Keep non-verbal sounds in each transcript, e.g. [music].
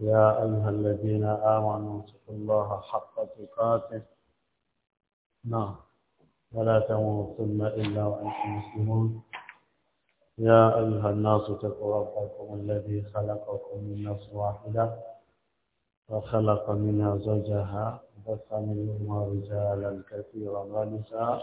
يا أيها الذين آمنوا اتقوا الله حق تقاته نعم ولا تموتن إلا وأنتم مسلمون يا أيها الناس اتقوا ربكم الذي خلقكم من نفس واحدة وخلق منها زوجها وبث منهما رجالا كثيرا ونساء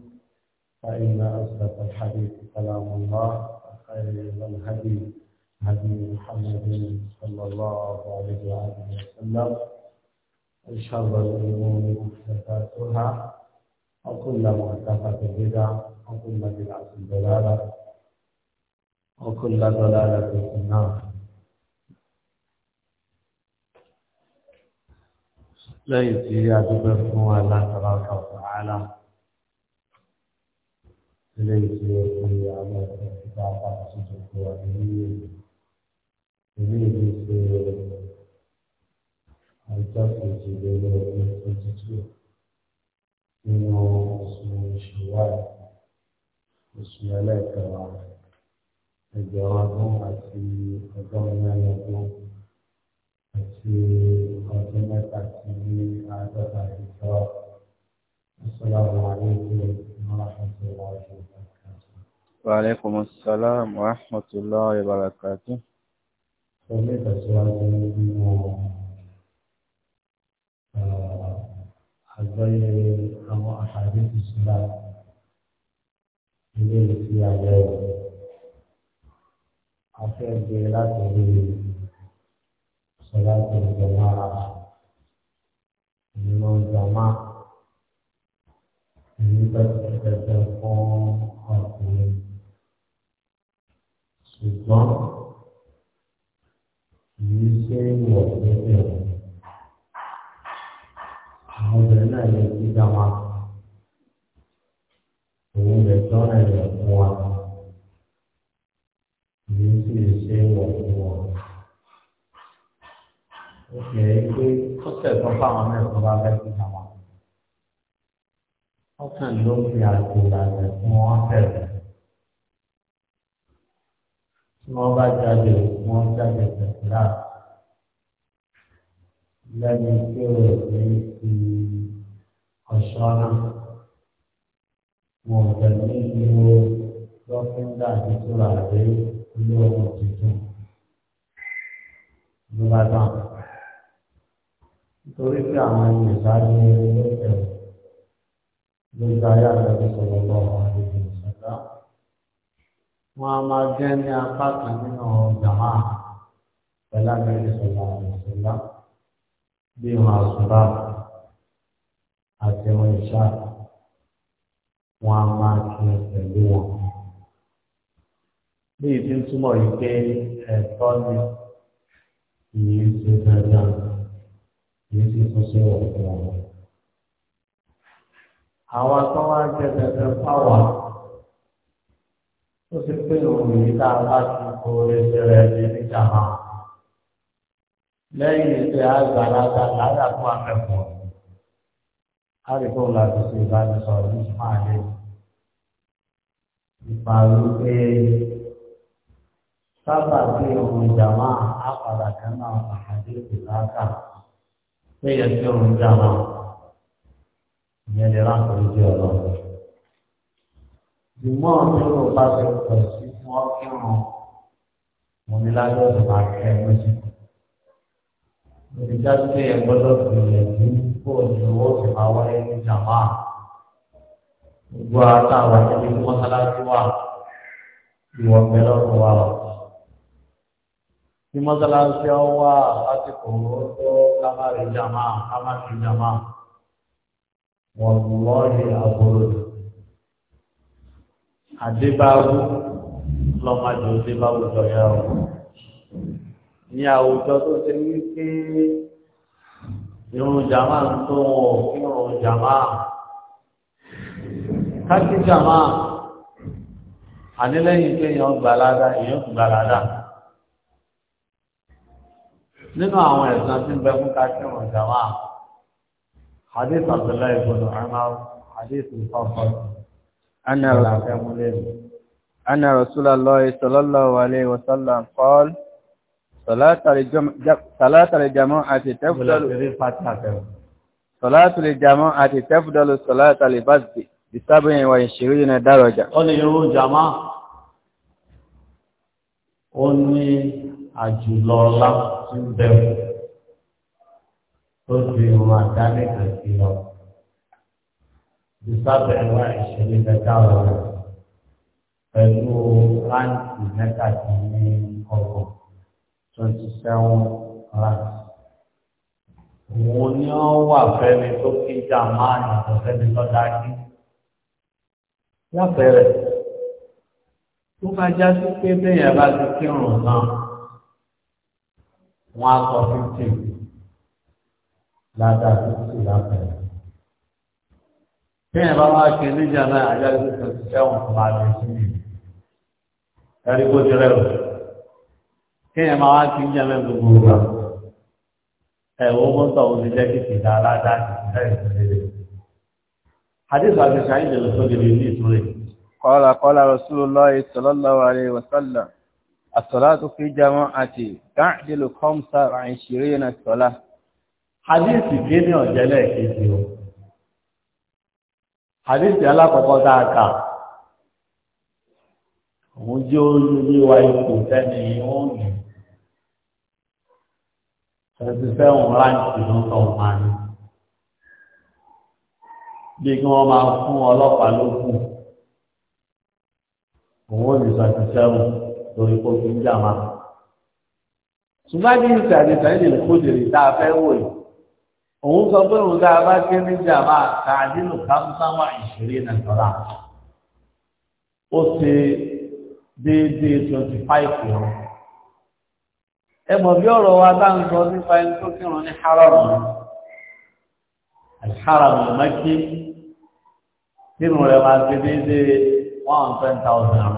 فإن أصدق الحديث كلام الله خير الهدي هدي محمد صلى الله عليه وآله وسلم وشر الأمور محدثاتها وكل محدثة بدعة وكل بدعة ضلالة وكل ضلالة في النار لا يا دبر الله تبارك وتعالى eléyìí tí ó fi àwọn ẹ̀sìn ìta àpapọ̀ sí tuntun wà ní ilé ìlú ṣe àjọ kejì lórí ọdún twenty two nínú oṣù ṣùwáì oṣù ẹlẹ́ẹ̀kẹwàá ẹgbẹ̀rún ọdún àti ọgọ́rùn mẹ́rin ọdún àti ọdún mẹ́ta sí àádọ́ta ìjọ. السلام عليكم ورحمة الله وبركاته Wa alaykum assalam wa rahmatullahi wa barakatuh. Ṣọlẹ́ ìtẹ̀síwájú nínú àgbáyé àwọn àṣàbí ti sílá ilé ìfi àyẹ̀wò. A fẹ́ gbé láti rí ṣọlá tó jọmọ́ ara ìlú jọmọ́ ìlú bẹ́ẹ̀ bẹ́ẹ̀ fún. ṣùgbọ́n kìí ṣe ìwọ̀ níbẹ̀. Àwọn obìnrin náà lè fi dá wa. Òun lè tọ́ra ẹ̀rọ fún wa. Kìí sì ṣe ìwọ̀ fún wa. Ó yẹ pé kọ́sẹ̀ tó fáwọn mẹ́rin bá fẹ́ fi dá wa. Wọ́n kàn ló fi àgbò làgbẹ̀ fún wọn fẹ́rẹ̀. wọ́n bá jáde wọ́n jáde tẹ̀síra lẹ́ni tí ó ní ti ọ̀ṣọ́nà wọn ò tẹ̀lé ìlú lọ́fíńdà nítorí àárẹ̀ ilé ọmọ tuntun nìbàdàn nítorí pé àwọn ènìyàn sáré ló tẹ̀ lójú ayé àgbẹ̀bí sọ̀rọ̀ lọ́wọ́ àdébí wọn a máa jẹ́ ní apá kan nínú jàmá pẹ̀lú àgbẹ̀rẹ̀ sọ̀rọ̀ àmọ̀sọ̀lá bí wọn àsùnbà àti wọn ìṣá wọn a máa kí pẹ̀lú wọn. bí ìdí túmọ̀ yìí pé ẹ̀tọ́ ni kìí ṣe dandan kìí ṣe fún sí ọ̀pọ̀ wọn. tó wá jẹ́ dandan fáwọn ó ti pé òun yìí tá a bá ti kó oríṣi rẹ̀ di níjàmá. lẹ́yìn ìṣe àgbàlagbà láyà fún akẹ́kọ̀ọ́ àríkò láti ṣe ìbánisọ̀rọ̀ ní ìsmáàlẹ́ ìpa wípé sábà bí òun jàmá àpàdà kan náà àkàdé ìlàkà pé yẹ kí òun jàmá ìyẹn lè ránkò lójú ọ̀rọ̀ rẹ̀ ìmọ̀ nínú bá ṣe pọ̀ sí fún ọkùnrin mo ní lájọ́ tó máa kẹ́ ẹ lọ́sí. Olùdíjà tí ẹ gbọ́dọ̀ gbìyànjú kó ní owó tó máa wáyé ní jàmá. Gbogbo ata wà níbi tí mọ́sálásí wà ìwọ̀ mẹ́lọ́ fún wa lọ. Bí mọ́sálásí ọ wà lásìkò tó kábàárì jàmá kábàárì jàmá. Wọ́n lọ́ọ̀rì àbúrò àdébáwú lọ́mọdé òdébáwú lọ́yà ọ̀ ní àwùjọ tó ṣe wípé irun jàmá ń tó wọn ò kírun jàmá kákí jàmá ànílẹ́yìn kéèyàn gbàládà èèyàn gbàládà nínú àwọn ẹ̀sán tí ń bẹ fún kákí wọn jàmá hadith abdullahi ibn umar hadith mufassal أن رسول الله صلى الله عليه وسلم قال صلاة الجماعة تفضل صلاة الجماعة تفضل صلاة الفجر بسبع وعشرين درجة. Ó ní irú jama, ó ní àjùlọ ọlá tí ń bẹ̀rù tó ju ìwọ̀n àdánìkàn sí lọ bisabu ẹwà ìṣẹ̀lẹ̀ mẹ́ta ọ̀rọ̀ pẹ̀lú ráǹtì mẹ́ta ti ní ọgbọ̀n twenty seven ráǹtì. Òun ni ó wà fẹ́mi tó kí jàmáà yàtọ̀ fẹ́mi lọ́dá kí. Lápẹẹrẹ, tó bá já sí pé bẹ́yẹn bá ti kírun náà, wọ́n á sọ fifteen ládàá fifteen lápẹẹrẹ. Téèyàn bá máa kí níjà náà àjájú tó ti sẹ́wọ̀n máa lè sí mi. Ẹ̀rí kó ti rẹ̀ o. Téèyàn máa wá kí níjà náà gbogbo ìgbà. Ẹ̀wọ̀n mọ́tò òun ti jẹ́ kìkì dá aládá ìpínlẹ̀ ìpínlẹ̀. Hadith àti Ṣáyìn lè tó lè rí ní ìtúrẹ̀. Qala qala Rasulullah sallallahu alaihi wa sallam. As-salatu fi jama'ati ta'dilu khamsa wa 'ishrina as àdéhùn alákọ̀ọ́kọ́ tá a kà òun jẹ́ olóyè wa ipò tẹ́ni wọ́n ní ẹ̀sìn fẹ́hùn ráǹkì lọ́tọ̀ máa ní bí kí wọ́n máa fún ọlọ́pàá lókùn òun ò lè sọ̀tún lórí kó fi ń jà ṣùgbọ́n bí ìsàdìsàn ìdìlẹ̀ kó jèrè tá a fẹ́ wò òun sọ pé òun dáa bá ké ní jàmbá káàdínù kámsámà ìṣeré náà tọ́lá ó ṣe déédéé twenty five yẹn ẹ mọ̀ bí ọ̀rọ̀ wa bá ń sọ nípa ẹni tó kírun ní haram haram mẹ́kí kírun rẹ̀ máa ṣe déédéé one ten thousand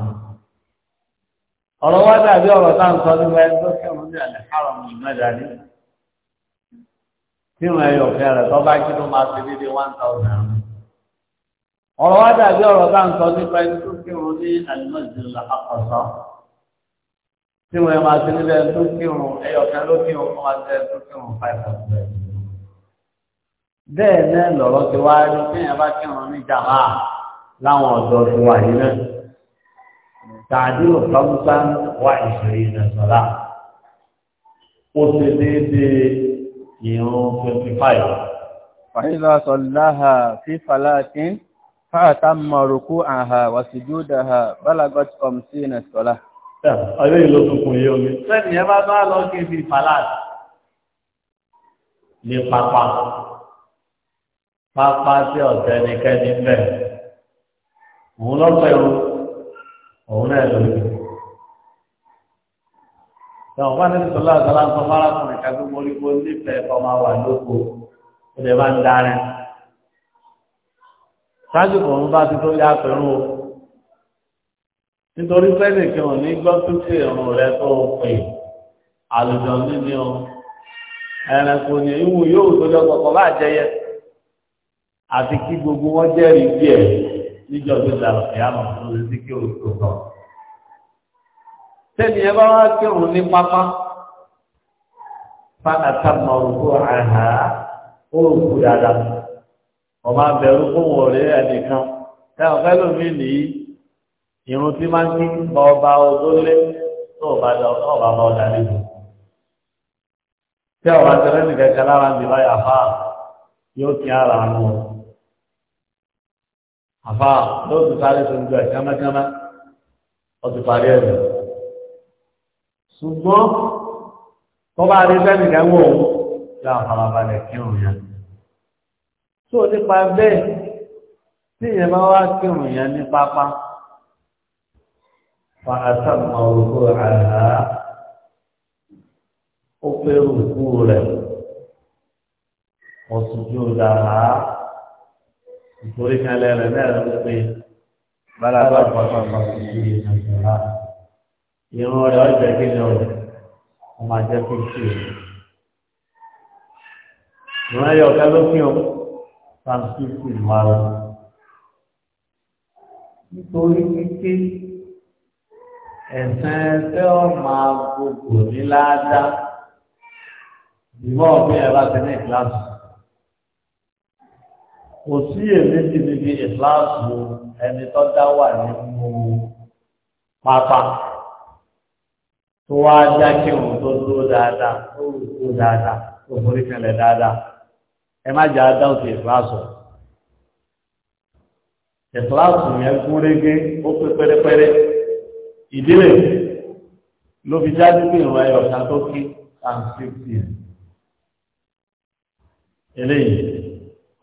ọ̀rọ̀ wa dàbí ọ̀rọ̀ tá à ń sọ nípa ẹni tó kírun ní haram mẹ́dàdí tí wọn ẹyọ fẹ rẹ tó bá kí ló máa ṣe déédéé one thousand. ọ̀rọ̀ wá dàbí ọ̀rọ̀ bá ń sọ nípa ẹni tó kírun ní àlùmọ́jìlá àkọ́sọ́ tí wọn máa ṣe nílẹ̀ tó kírun ẹyọ fẹ ló kírun kó máa ṣe tó kírun five hundred. bẹ́ẹ̀ náà lọ̀rọ̀ ti wá rí kéèyàn bá kírun ní jàmá láwọn ọ̀dọ́ ti wà yìí náà. tàbí òkàlùsá wà ìṣòro ìrìnàṣọ́lá ó ṣe déédéé ìrún 25. Fàílá sọ̀láhà fi fàlákín fàátà mọ̀rùkú àhà wà sí júdàhà bálagot ọm sí ẹ̀nà sọ̀lá. Ọjọ́ ìlú tuntun yìí omi. Sẹ́ni ẹ bá bá lọ kí fi fàlák ní pápá. Pápá tí ọ̀tẹ́ ẹnikẹ́ni bẹ̀. Òun lọ́pẹ̀ òun náà lòdì tẹ̀wọ̀n bá nílùú sọlá ọ̀sán láti sọ fara kùnrin kàgbé mọ́lígbó nífẹ̀ẹ́ kọ́ máa wà lóko ó lè bá ń darin. ṣáájú kò ń bá ti tó yá pẹ̀lú o nítorí pẹ́ẹ́lì kí wọ́n ní gbọ́ pípé ọ̀run rẹ tó o pè àlùjọ níbi o ẹranko ni ìwù yóò tó lọ kọ̀kọ́ bá jẹyẹ àti kí gbogbo wọn jẹ́rìí bí ẹ̀ níjọ́ tó dàrọ̀ ìyá mọ̀ tó lè sí kí o tó kọ̀ tẹ́ni ẹ bá wá kírun ní pápá fáta tábà orúkọ àhà ó kú dáadáa ọmọ abẹ́rú fún ọ̀rẹ́ ẹnìkan táwọn fẹ́lómi nìyí irun tí máa ń kí ọba ọdọ́lé tó ọba ọba ọdà nínú tí àwọn àtẹ̀rẹ́ nìkan kan lára ń dìbà yà yóò kí ara nù àfáà yóò tún sáré tó ń gbà kámákámá ó ti parí ẹ̀rọ ṣùgbọ́n tó bá rí sẹ́ni ìdánwò yà farabalẹ̀ kírun yẹn tó nípa bẹ́ẹ̀ tí ìyẹn bá wá kírun yẹn ní pápá fa àtàkùn àwòkọ àlá ó pé rúkú rẹ̀ ọ̀sùnjú dàrá ìforíkalẹ̀ rẹ̀ náà ló pé balabalà pàtàkì ìdíje nàìjíríà ìran rẹ̀ ọ̀jẹ̀ kí ni ọ̀rẹ́ wọ́n máa jẹ́ kí n ṣe é. ìran ẹ̀yọ̀ ọ̀kẹ́ ló fi hàn sáńsìtì márùn. nítorí wípé ẹ̀sìn ẹ̀sẹ̀ ọ̀ma gbogbo ní ládàá ìmọ̀ ọ̀gbìn ẹ̀ láti ní ìkíláàsì. kò sí èméjì níbi ìkíláàsì ẹni tó dá wà nínú pápá tó wá já kí òun tó dúró dáadáa tó dúró dáadáa tó forí kanlẹ̀ dáadáa ẹ má jà á dáhùn sí ìfúláṣọ. ìfúláṣọ yẹn gún régé ó pé pérépéré ìdílé ló fi jáde pé ìwà ẹ̀ ọ̀sán tó kí and fifty eléyìí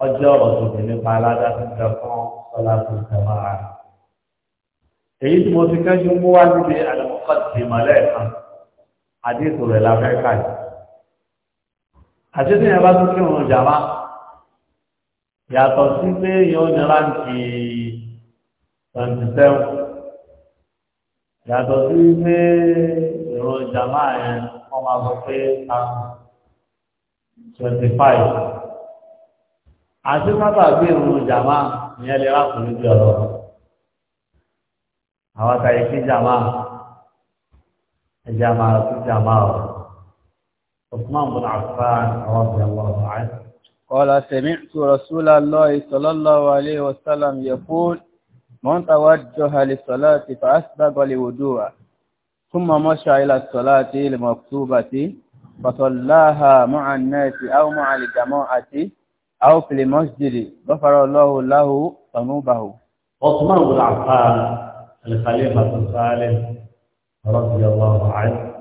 ọjọ́ ọ̀rọ̀ tó fi aládàá ti jẹ fún ọlá tó jẹ máa rà èyí tí mo ti kẹ́jú mú wá níbi àlùmọ́kọ́ ti mọ̀lẹ́ kan àdéhùn rẹ̀ la fẹ́ ká yìí. àti tí yẹn bá tún kí òun jàmá yàtọ̀ sí pé yóò ní láǹkì twenty seven yàtọ̀ sí pé èrò jàmá yẹn wọ́n máa sọ pé twenty five àti sábà bí èrò jàmá ìyẹn lè rákùnrin bí ọ̀rọ̀ àwọn àtàyè sí jàmá ẹ̀jẹ̀ àmà sí jàmá o Usman bin Affan àwọn ọ̀bẹ̀ wà wáyé. قال سمعت رسول الله صلى الله عليه وسلم يقول من توجه للصلاة فأسبق لوضوءه ثم مشى إلى الصلاة المكتوبة فصلاها مع الناس أو مع الجماعة أو في المسجد غفر الله له ذنوبه. عثمان بن عفان الخليفة الثالث رضي الله عنه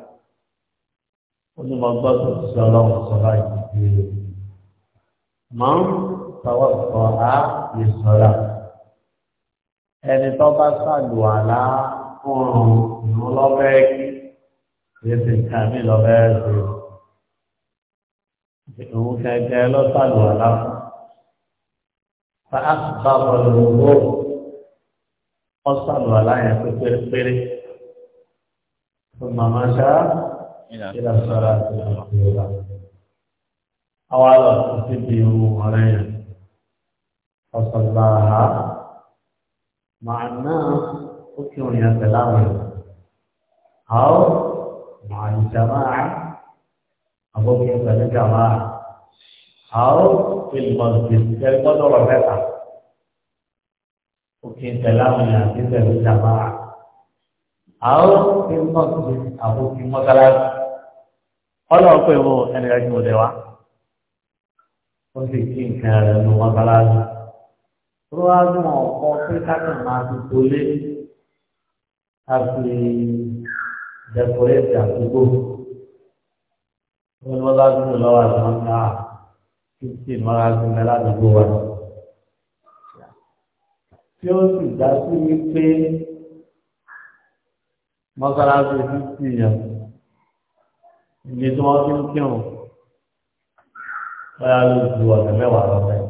ونمضت الصلاة صلاة من توضأ للصلاة ẹni tó bá ṣàlùwàlá ọrùn ìrún lọ́bẹ̀ kí èsì nǹkan mi lọ́bẹ̀ ṣe òun kẹ̀kẹ́ lọ́ṣàlùwàlá fún. fa àkùkọ ọ̀rọ̀ lòwò ọ̀sàlù aláyàn pé pérépéré ọmọ máa ṣá ìlà sọ́ra àti ìlà àwọn àlọ́ ti di ohun ọ̀rẹ́ yẹn ọ̀sàlù àhá màá náà ó kí òun yẹn pẹ̀lú àwọn ẹ̀ àwọn màá ìjàmá àbókè pẹ̀lú jàmá àwọn ìlú mọ̀lùmí ẹ̀rí rọ̀ mẹ́ta òkè tẹ̀lé àwọn èèyàn àti tẹ̀lé ìjàmbá àwọn ti ń mọ̀ sí àbòkí mọ́sálásí ọlọ́run pé wo ẹni rẹ̀ ní òde wa ó sì kí nǹkan rẹ̀ ní mọ́sálásí tó wá mú ọ̀pọ̀ pé káàkiri máa ti tolé àti dẹkọrẹ́tì àdúgbò wọ́n lọ́lá sí lọ́wọ́ àti wọn kí n sì mọ́ra sí mẹ́lá àdúgbò wa tí ó sì dá sí wípé mọ́sálásí fífi yàn ibi tí wọ́n ti ń kírun báyà ló ju ọ̀sẹ̀ mẹ́wàá lọ́sẹ̀.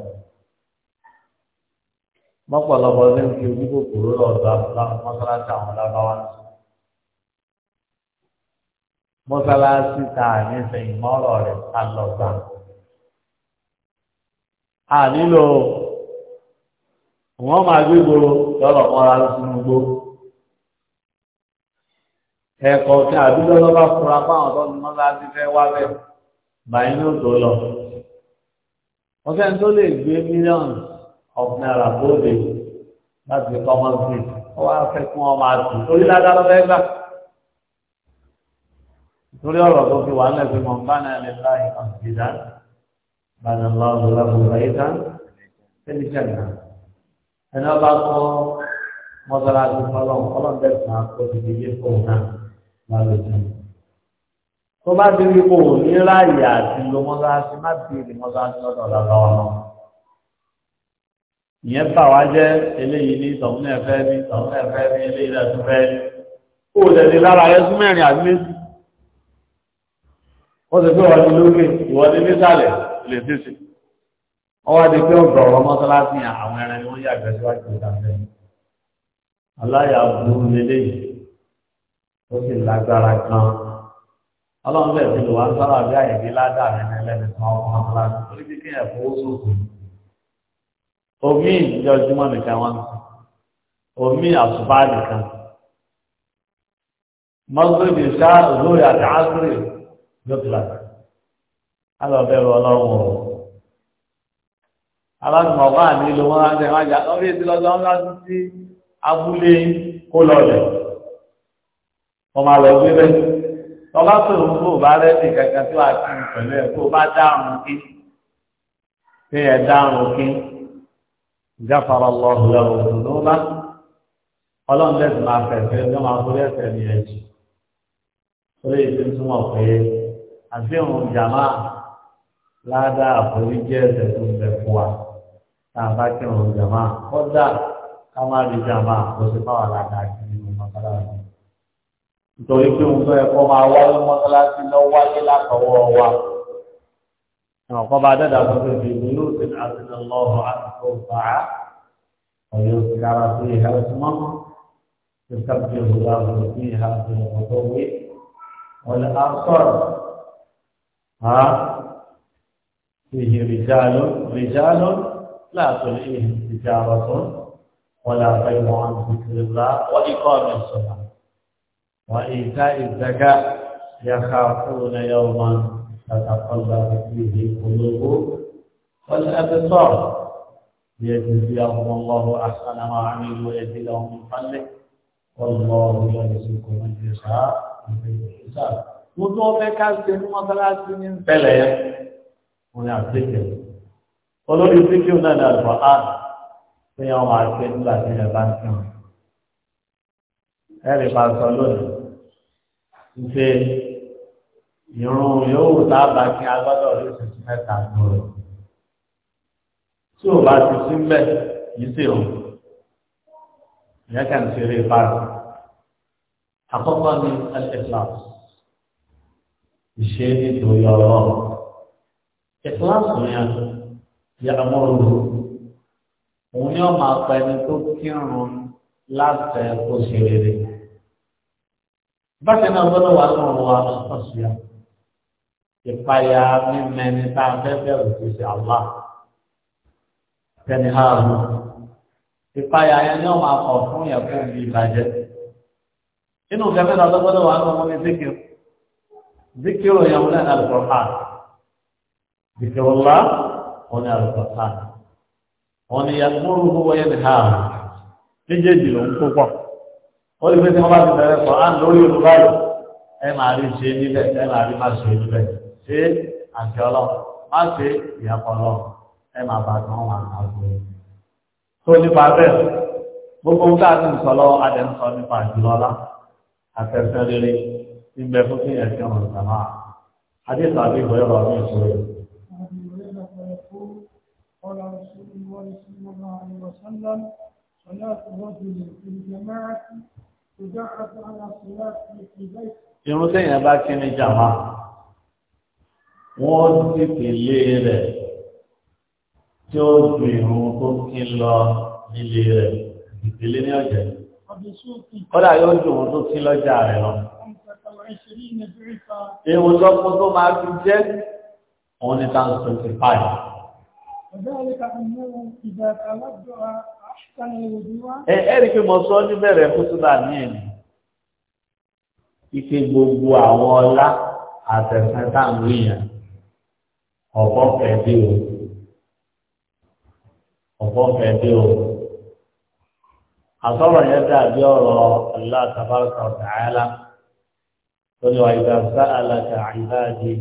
mọ́pọ̀lọpọ̀ ló ń fi ojú kòkòrò lọ́dọ̀ mọ́sálásí àwọn lábáwá sí mọ́sálásí ta àyẹ̀fẹ̀ ìmọ̀ọ́rọ̀ rẹ̀ alọ́gbà. a nílò wọ́n máa gbé gbòòrò lọ́rọ̀ ọ̀rá sínú gbó. ẹ̀kọ́ tí àdúgbò lọ́ba fura fáwọn tó ní mọ́lá ti fẹ́ wá bẹ̀ báyìí ní òtò lọ. wọ́n fẹ́ tó lè gbé mílíọ̀nù of naira bóde láti common grid ó wá fẹ́ kí wọ́n máa tù torí ládàá lọ́fẹ́ gbà. torí ọ̀rọ̀ tó fi wà ń lẹ́sìn mọ̀ nǹkan náà lè ẹni ọba kọ́ mọ́sálásí fọlọ́n fọlọ́n bẹ́ẹ̀ sàn kó ti di ilé fóun náà lálẹ́ jù. tó bá ti rí fóun ní ráàyè àti lo mọ́sálásí má bèèrè mọ́sálásí lọ́dọ̀ lọ́wọ́ náà. ìyẹn bà wá jẹ́ eléyìí ní tọ̀hún náà fẹ́ ní tọ̀hún náà fẹ́ ní eléyìí náà fẹ́ kó o tẹ̀lé lára rẹ sún mẹ́rin àti méjì. wọ́n ti gbé wọn ní lókè ìwọ́n ní ọwọ́ adé pé ọ̀gọ̀ ọ̀rọ̀ mọ́sálásí àwọn ẹran ni wọ́n yà gbẹ síwájú ìdàgbẹ́ aláyà burú lélẹ́yìí ó sì lágbára gan ọlọ́run bẹ̀ ti lò wá ń sábà bí àyẹ̀dí ládàá nínú ẹlẹ́ni kan ọmọ mọ́sálásí ó ní kí kéèyàn fowó sókè omi ìjọ júmọ́ nìkan wọn omi àṣùbá nìkan mọ́sálásí ṣáà lórí àti ásírì ló ti là ọlọ́run ọ̀rọ̀ alágbọ̀n ọba àmì ló wọ́n ránṣẹ́ wájà lórí ètò lọ́dọ̀ ńlá sí abúlé kó lọlẹ̀ wọ́n máa lọ gbé bẹ́ẹ̀ lọ́ba pé òun kò bá rẹ́ẹ̀dì kankan tó àti pẹ̀lú ẹ̀ kó bá dáhùn kí ṣé ẹ̀ dáhùn kí gáfara lọ́hùn lọ́hùn lọ́ba ọlọ́run lẹ́sìn máa fẹ̀fẹ́ ló máa forí ẹ̀fẹ́ ní ẹ̀jì lórí ètò ìtumọ̀ pé àti jàmáà ládàá àforíjì ẹ̀sẹ̀ tó ń fún wa tá a bá kí wọn jàmá kọ́dà ká má rí jàmá kó sì má wà ládàá kí nínú mọ́sálásí. nítorí pé òun tó yẹ kó máa wáyé mọ́sálásí lọ wáyé látọwọ́ wa. àwọn kan bá dẹ́dà tó fi fi ní yóò ti ní àtúntò lọ́wọ́ àtúntò fàá ọ̀yọ́ ti kára sí ìhà ìtumọ̀ يسبح له فيها بالغدو والآصال ها فيه رجال رجال لا تلهيهم تجارة ولا بيع عن ذكر الله وإقام الصلاة وإيتاء الزكاة يخافون يوما تتقلب فيه القلوب والأبصار ليجزيهم الله أحسن ما عملوا ويجزيهم من فضله والله يرزق من يشاء بغير حساب. Gbogbo ọbẹ̀ ká ṣe ní mọ́tàlá sí ní ń tẹ̀lé wọn ni àti won ni ati olórí síkìú náà ní àlùfọ́ á tí wọ́n máa ṣe nígbà tí ẹ bá ń sìn ẹ lè máa sọ lónìí ń ṣe ìrun yòówù tá a bá kí agbọ́dọ̀ rí tuntun mẹ́ta gbòòrò tí ò bá ti sí mbẹ́ yìí sí òun ìyẹn kàn ṣe eré ìparun àkọ́kọ́ ní al ìṣe nítorí ọlọ́run ìkíláàsì yẹn yàmúrò òun yóò máa pa ẹni tó kírun láti ẹ̀kọ́ sí rere bákan náà gbọ́dọ̀ wà lọ́rùn wa lọsọsíà ìpayà mímẹni tá a fẹ́ bẹ̀rù tó ṣe àlá tẹni hàrù ìpayà yẹn ni wọn máa kọ fún yẹn fún bí ìbàjẹ́ inú kẹfẹ náà gbọ́dọ̀ wà lọ́rùn ní zikiru zikiru yẹn wọn náà lọ kọ zikiru la wọn ní alùpàtà wọn ní yàtúrú owó yẹn ha méjèèjì ló ń kó pọ̀ ó lè fi tí wọn bá ti bẹ̀rẹ̀ sọ á lórí olùkọ́ àlọ́ ẹ máa rí ṣe níbẹ̀ ẹ máa rí má ṣe níbẹ̀ ṣé àṣẹ ọlọ́run má ṣe ìyàpọ̀ ọlọ́run ẹ máa bá tán wọn àgbo tó nípa bẹ́ẹ̀ gbogbo ń ká ní ìsọlọ adẹ nípa ìjùlọlá àtẹsẹ rere ń fún kí ẹsẹ ọ̀rọ̀ sàmà adé tàbí ìwé ọ̀rọ̀ ní ìṣòro وسلم صلاة الرجل في الجماعة تبعث على صلاته في بيته. irun téèyàn bá kí ní jàmá wọn ti tẹ̀lé rẹ̀ tí ó ju irun tó kí lọ nílé rẹ̀ ìtẹ̀lé ní ọjà kódà yóò ju irun tó kí lọ́jà rẹ̀ lọ. irun tó kún tó máa fi jẹ́ òun ni tán twenty five. وذلك أنه إذا تودع أحسن الوجوه ẹ̀rí pé mo sọ níbẹ̀rẹ̀ kútúbà ní ẹ̀mí ike gbogbo àwọn ọlá àtẹ̀sẹ̀ táwọn èèyàn ọ̀pọ̀ fẹ̀dé o ọ̀pọ̀ fẹ̀dé o àtọ́rọ̀ yẹn dàbí ọ̀rọ̀ Allah tabaraka wa ta'ala tó ní wa idha sa'alaka ibadi.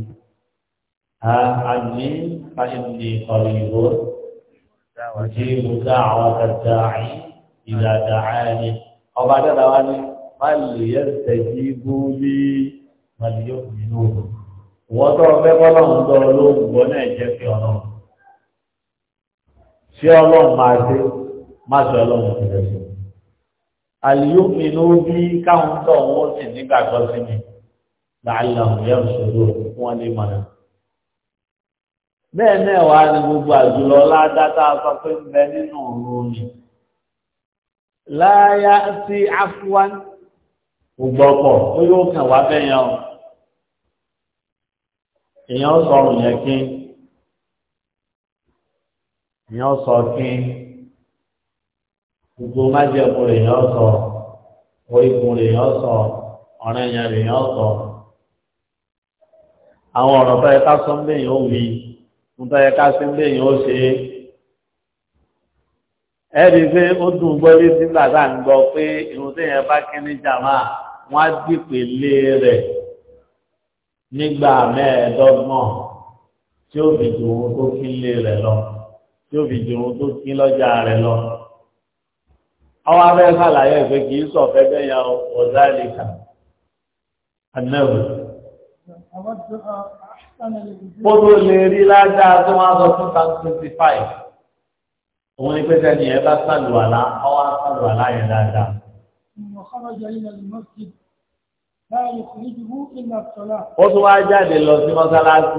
عني فإني قريب أجيب دعوة الداعي إذا دعاني أو بعد ذلك فليستجيبوا لي فليؤمنوا وتوفي قلهم دولهم ونجف يوم ṣé ọlọ́run máa dé má ṣe ọlọ́run ti rẹ̀ sí. àlìyókùnrin ó bí káwọn tó wọn sì nígbàgbọ́ sí mi làálàá òun yẹn ṣòro bẹ́ẹ̀ náà wá ní gbogbo àjùlọ ládátá sọ pé nínú ọ̀run ni láyá sí afúwán ògbọ́pọ̀ ó yóò kàn wá bẹ́yàn o èèyàn sọrùn yẹn kí èèyàn sọ kí gbogbo májẹ̀kùn èèyàn sọ oríkùn èèyàn sọ ọ̀rẹ́ yẹn èèyàn sọ àwọn ọ̀rọ̀ bẹ́ẹ̀ ká sọ ń bẹ́yàn wí nítorí ẹ̀ka sí ń léyìn ó ṣe é ẹ̀rí pé ó dùn gbọ́ rí sígbà tá à ń gbọ́ pé irun téèyàn bá kí ní jàmá wọ́n á dìpele rẹ̀ nígbà mẹ́ẹ̀ẹ́dọ́gbọ̀n tí ó fi ju ohun tó kí lé rẹ̀ lọ tí ó fi ju ohun tó kí lọ́jà rẹ̀ lọ. ọwọ́ abẹ́ sàlàyé pé kì í sọ̀fẹ́ bẹ́yàn ọ̀zá ìlẹ̀kà. Ó tó lè rí ládàá tó wá lọ fún Psalm twenty five. Òun ni pé sẹ́ni ẹ bá sàlùwàlá, ọwọ́ sàlùwàlá yẹn dáadáa. Ó tún wá jáde lọ sí mọ́sálásí.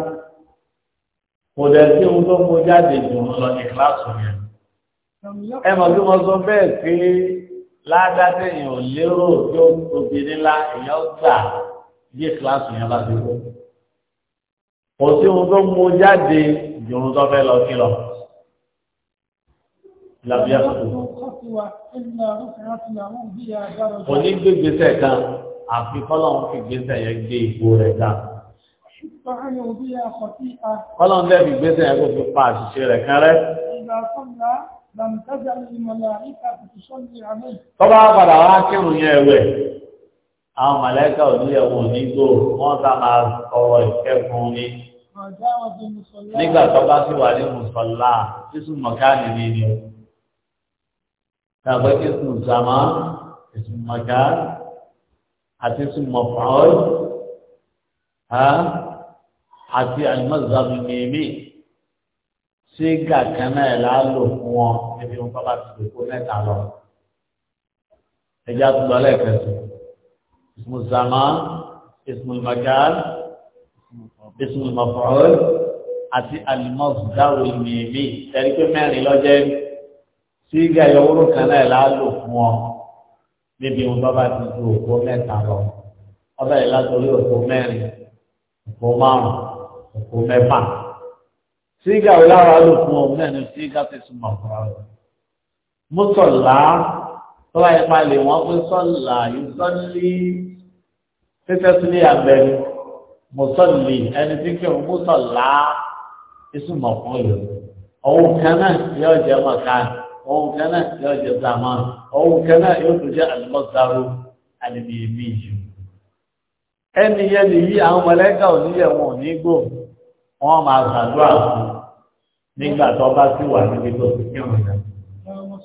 Kò dẹ̀ sí ohun tó mú jáde dùn lọ ní kíláàsì yẹn. Ẹ mọ̀ tí mo sọ bẹ́ẹ̀ pé ládàtẹ̀yìn ò lérò tó obìnrin ńlá èèyàn gbà bí kíláàsì yẹn bá ti kú kò sí ohun tó mú jáde ju ohun tó fẹ́ lọ sí lọ. Ìlàbí àkókò. Kò ní gbé gbèsè kan, àfi kọ́lọ́hún fi gbèsè yẹn gbé ipò rẹ̀ dá. Kọ́lọ́hún dẹ̀ fi gbèsè yẹn kò fi pa àṣìṣe rẹ̀ kan rẹ́. Tọ́ba padà wá kírun yẹn ẹ̀wẹ̀ àwọn mọ̀lẹ́kà òníyẹ̀wò ní gbò wọ́n sá máa sọ̀rọ̀ ìkẹ́kùn ní nígbà tó bá sì wà ní mùsọ̀lá jésù mọ̀káàdì ní ni o tàbí jésù zàmá jésù mọ̀káàdì àti jésù mọ̀fàọ́ì àti àìmọ̀zàmì mímí sí gàkan náà lálò fún wọn níbi wọn bá bá ti dòkó mẹ́ta lọ ẹjá tó lọ lẹ́ẹ̀kẹsì jésù zàmá jésù mọ̀káàdì bísí mọ̀fọ́rọ́ àti alimọ́sùdáwò ìmìmì ẹni pé mẹ́rin lọ́jẹ́ sígá ìyọwúrò kan náà láàlò fún ọ níbi ohun bá bá ti ju òkú mẹ́ta lọ ọbẹ̀ yìí látọrí òkú mẹ́rin òkú márùn òkú mẹ́fà sígá ìláwà lò fún ọ náà ni sígá ti mọ̀fọ́rọ́ mọ́tọ̀lá tọ́lá ìpalẹ̀ wọn pé sọ́là yìí sọ́lí tẹ́tẹ́ sílé àgbẹ̀rẹ̀ mùsọ̀lì ẹni tí kí òun mùsọ̀lá ìsúnmọ̀ fún ìlú òun kan náà yóò jẹ́ mọ̀ká òun kan náà yóò jẹ́ zàmọ́ òun kan náà yóò tún jẹ́ àlùmọ́sáró àlùmíyèmí yìí ẹni yẹn nìyí àwọn mọ̀lẹ́kà òníyẹ̀ wọn ò ní gbò wọ́n máa ṣàdúrà fún nígbà tó bá sí wà níbi tó ti kí òun ní wọ́n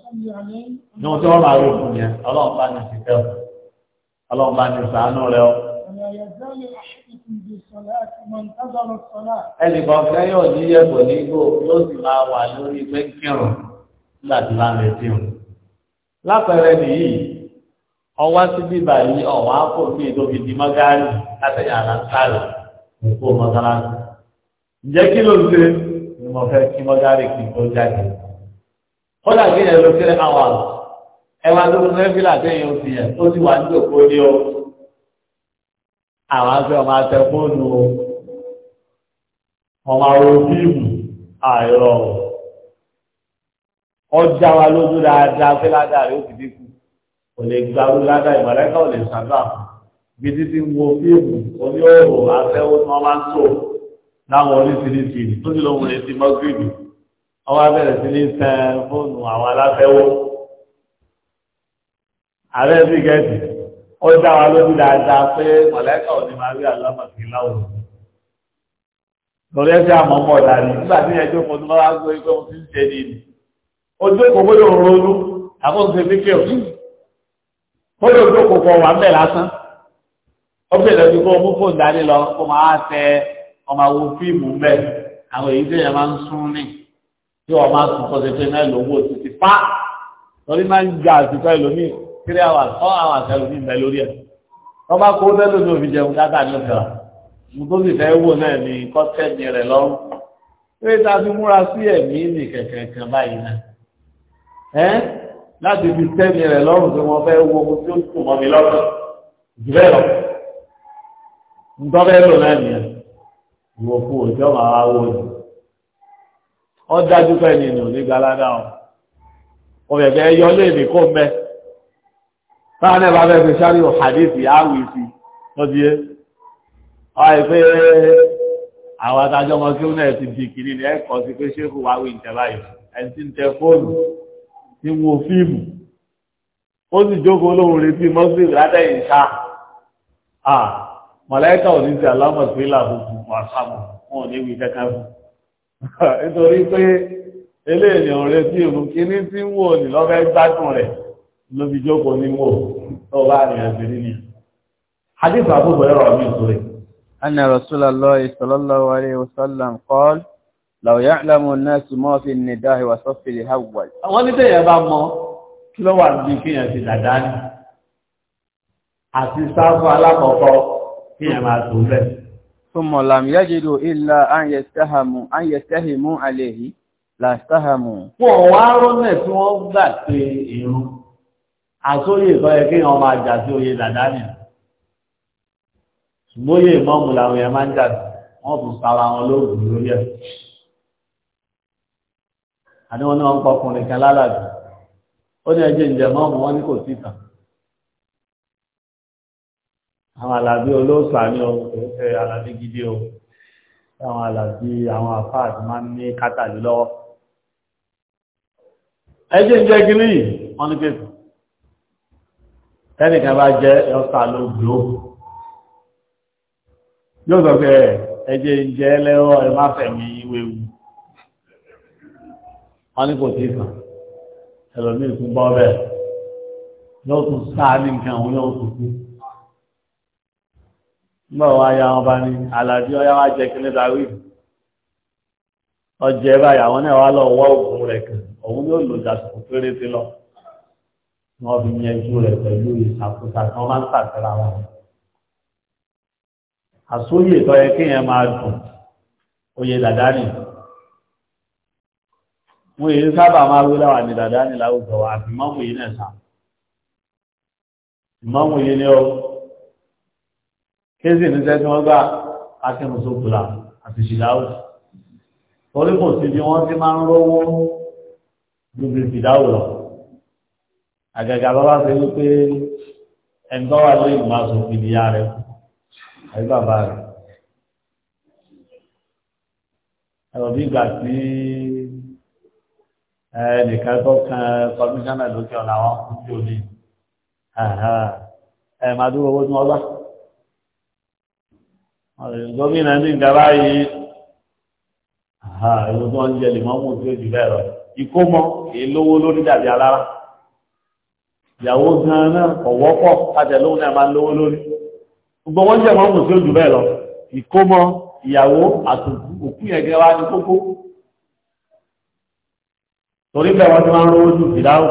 tí wọ́n máa rí fún yẹn ọlọ́run bá ní ṣiṣẹ́ ọlọ́run bá ní ṣàánú rẹ ọ ẹnìkan fẹ́ yóò níyẹ̀ kò ní gbò yóò sì máa wà lórí pé kírun láti láàrin tí o. lápẹẹrẹ nìyí ọwá sí bíbà yìí ọ̀wá kò fi ìdóbi di mọ́gárì látẹ̀yà àlàntàrì nǹkó mọ́gárì. ǹjẹ́ kí ló ń ṣe ni mo fẹ́ kí mọ́gárì kì í tó jáde. kódà kí yẹn ló kéré àwọn ẹwà tó ń rẹ́ fílà tẹ́yìn oṣù yẹn tó sì wà ní òkú ní o àwọn afẹ́ ọmọ atẹ fóònù ọmọ àwọn fíìmù àìrọ̀ ọjà wa lójú dáadáa pé ládàá rẹ̀ ó ti dínkù kò lè gbarú ládàá ìmọ̀lẹ́kà ò lè sàdúrà bí títí ń wo fíìmù oní òòrùn afẹ́wó tí wọ́n máa ń tò láwọn oríṣiríṣi tó sì lóhun lè ti mọ́gìrì wọ́n wá sí ní sẹ́ fóònù àwọn aláfẹ́wó ààrẹ sì gẹ̀ẹ́sì ó dá wa lójú dáadáa pé mọ̀lẹ́kà ò ní máa rí àlámàtì láwùjọ. lórí ẹsẹ̀ àmọ́mọ́ ọ̀dà ni nígbà tí ẹjọ́ mo ti máa gbé pé mo ti ń ṣe ní ìlú. ojú kò gbọ́dọ̀ ronú àkóso fífẹ́ òtún. ó lè ojú kò kọ̀ wá ń bẹ̀ lásán. ó bẹ̀rẹ̀ ojú kó mú fóònù dání lọ kó máa tẹ ọmọ àwọn fíìmù mẹ́ àwọn èyí tó yẹ máa ń sún ní tí wọ́n máa sùn kọ́sẹ̀ pé náà lówó ti ti pa lórí máa ń gba àsìkò ẹlòmíràn three hours four hours ẹlòmíì bẹ lórí ẹ̀ wọ́n bá kó tẹ́lẹ̀ ní òfin jẹun dáadáa ní ọ̀sẹ̀ wa mo tó sì fẹ́ wò náà ní kọ́tẹ́ẹ̀mì rẹ̀ lọ́rùn pé ta fi múra sí ẹ̀mí ní kẹ̀kẹ́ kan báyìí náà ẹ́ láti fi tẹ́ẹ̀mì rẹ̀ lọ́rùn tí wọ́n fẹ́ wo ohun tí ó kù mọ́ mi lọ́rùn jù bẹ́ẹ̀ lọ ntọ́fẹ́ lò náà nìyẹn ìwọ fún òjò màá wò ni ọ dájú pẹ́ nínú ní galada ọ ọbẹ̀ bẹ́ẹ̀ yọ lé mi kó mẹ́ẹ́ báwọn náà bá bẹ́ẹ̀ fi sáré ò hadith àwì sí lọ́dí ẹ́ ọ̀hìn pé àwọn adájọ́ ọmọ kí ó náà ti di kìíní ní ẹ̀kọ́ sí pé ṣéèkù wá wí ìtẹ́ báyìí ẹni tí ń tẹ fóònù tí ń wo fíìmù ó sì jókòó lóhùn retí mọ́sílì látẹ̀yìn ká mọ̀lẹ́kà ò ní ti aláwọ̀ sí làbùkù wàsámù wọn ò ní wí kẹ́kẹ́ fún [laughs] nítorí pé eléyìí ọ̀rẹ́ tí ìrùn tí ń wò ní lọ́fẹ́ gbádùn rẹ̀ ló fi jókòó ní wò tó bá rìn àjò nínú hadith àbúrò ẹ̀rọ mi sórí. أن رسول الله صلى الله عليه وسلم قال لو يعلم الناس ما في النداء وصف الهول àwọn ní tẹ́yẹ̀ bá mọ̀ kí ló wà ní kíyàn ti dàdání àti إلا أن يتهموا أن يتهموا عليه لا استهموا. wọ́n wá rọ́nà tí wọ́n gbà pé irun àsóyè ìtọ́ yẹ kí wọ́n máa jà sí oyè dàdá nì ṣùgbọ́n oyè ìmọ̀mù làwọn yẹn máa ń jà wọ́n tún sára wọn lóògùn lórí ẹ̀ àdéhùn náà ń pọkùnrin kan lálàbí ó ní ẹjẹ ìjẹ mọ́mù wọn ní kò sí tàn àwọn àlàbí olóòsà ní ohun ṣe àlàbí gidi o àwọn àlàbí àwọn àfáà máa ń ní kátàlélọ́wọ́ ẹjẹ ìjẹ gírí wọn ní pẹ̀tù tẹ́nìkan bá jẹ́ ọ̀sà lóògbò yóò sọ pé ẹjẹ́ ìjẹ́ lẹ́wọ́ ẹ má fẹ̀mí ìwéwu wọ́n ní kò tí kàn ẹlòmí ìkú bọ́ bẹ́ẹ̀ yóò tún sáà ní nǹkan òun yóò tún kú nígbà wọn aya wọn bá ní alábí ọyá wa jẹ kí ní darí ọjẹ báyà wọn náà wá lọ wọ òògùn rẹ kàn òun yóò lò jàdùkú péréte lọ wọ́n fi yanjú rẹ̀ pẹ̀lú ìṣàkóso àti wọ́n máa ń sàtẹ́ra wọn. àsóyè tó yẹ kéèyàn máa dùn oyè dàdá nì mo yìí sábà máa wí láwà ní dàdá nì láwùjọ àti mọ́mù yìí náà sàn mọ́mù yìí ni ó kéèsì níṣẹ́ tí wọ́n gbà akẹ́mùsókùlà àti ṣìdáwù torí kò sí bí wọ́n ti máa ń rówó gbogbo ìdáwù lọ àgàgà bàbá ṣe wípé ẹ̀ńtọ́ wà lóyún máa sọ fìdí ya rẹ̀ àbí bàbá rẹ̀. ẹ̀rọ bí ìgbà tí ẹnìkan tó kan kọmíṣánná lókè ọ̀nà àwọn kúndé òní ẹ̀ máa dúró owó tí wọ́n bá. gómìnà ní ìjọba yìí ìlú tí wọ́n ń jẹ lè mọ́mú tí ó jù bẹ́ẹ̀ lọ ìkómọ èlówó lórí dàbí alára ìyàwó gan náà ọ̀wọ́pọ̀ àtẹ̀lóhun náà máa ń lówó lórí gbogbo wọ́n jẹ́ mọ́mù tí ó jù bẹ́ẹ̀ lọ ìkómọ ìyàwó àtòkú yẹn gẹ́gẹ́ wá ní kókó torí bẹ́ẹ̀ wọ́n ti máa ń rówó jù fìdáwò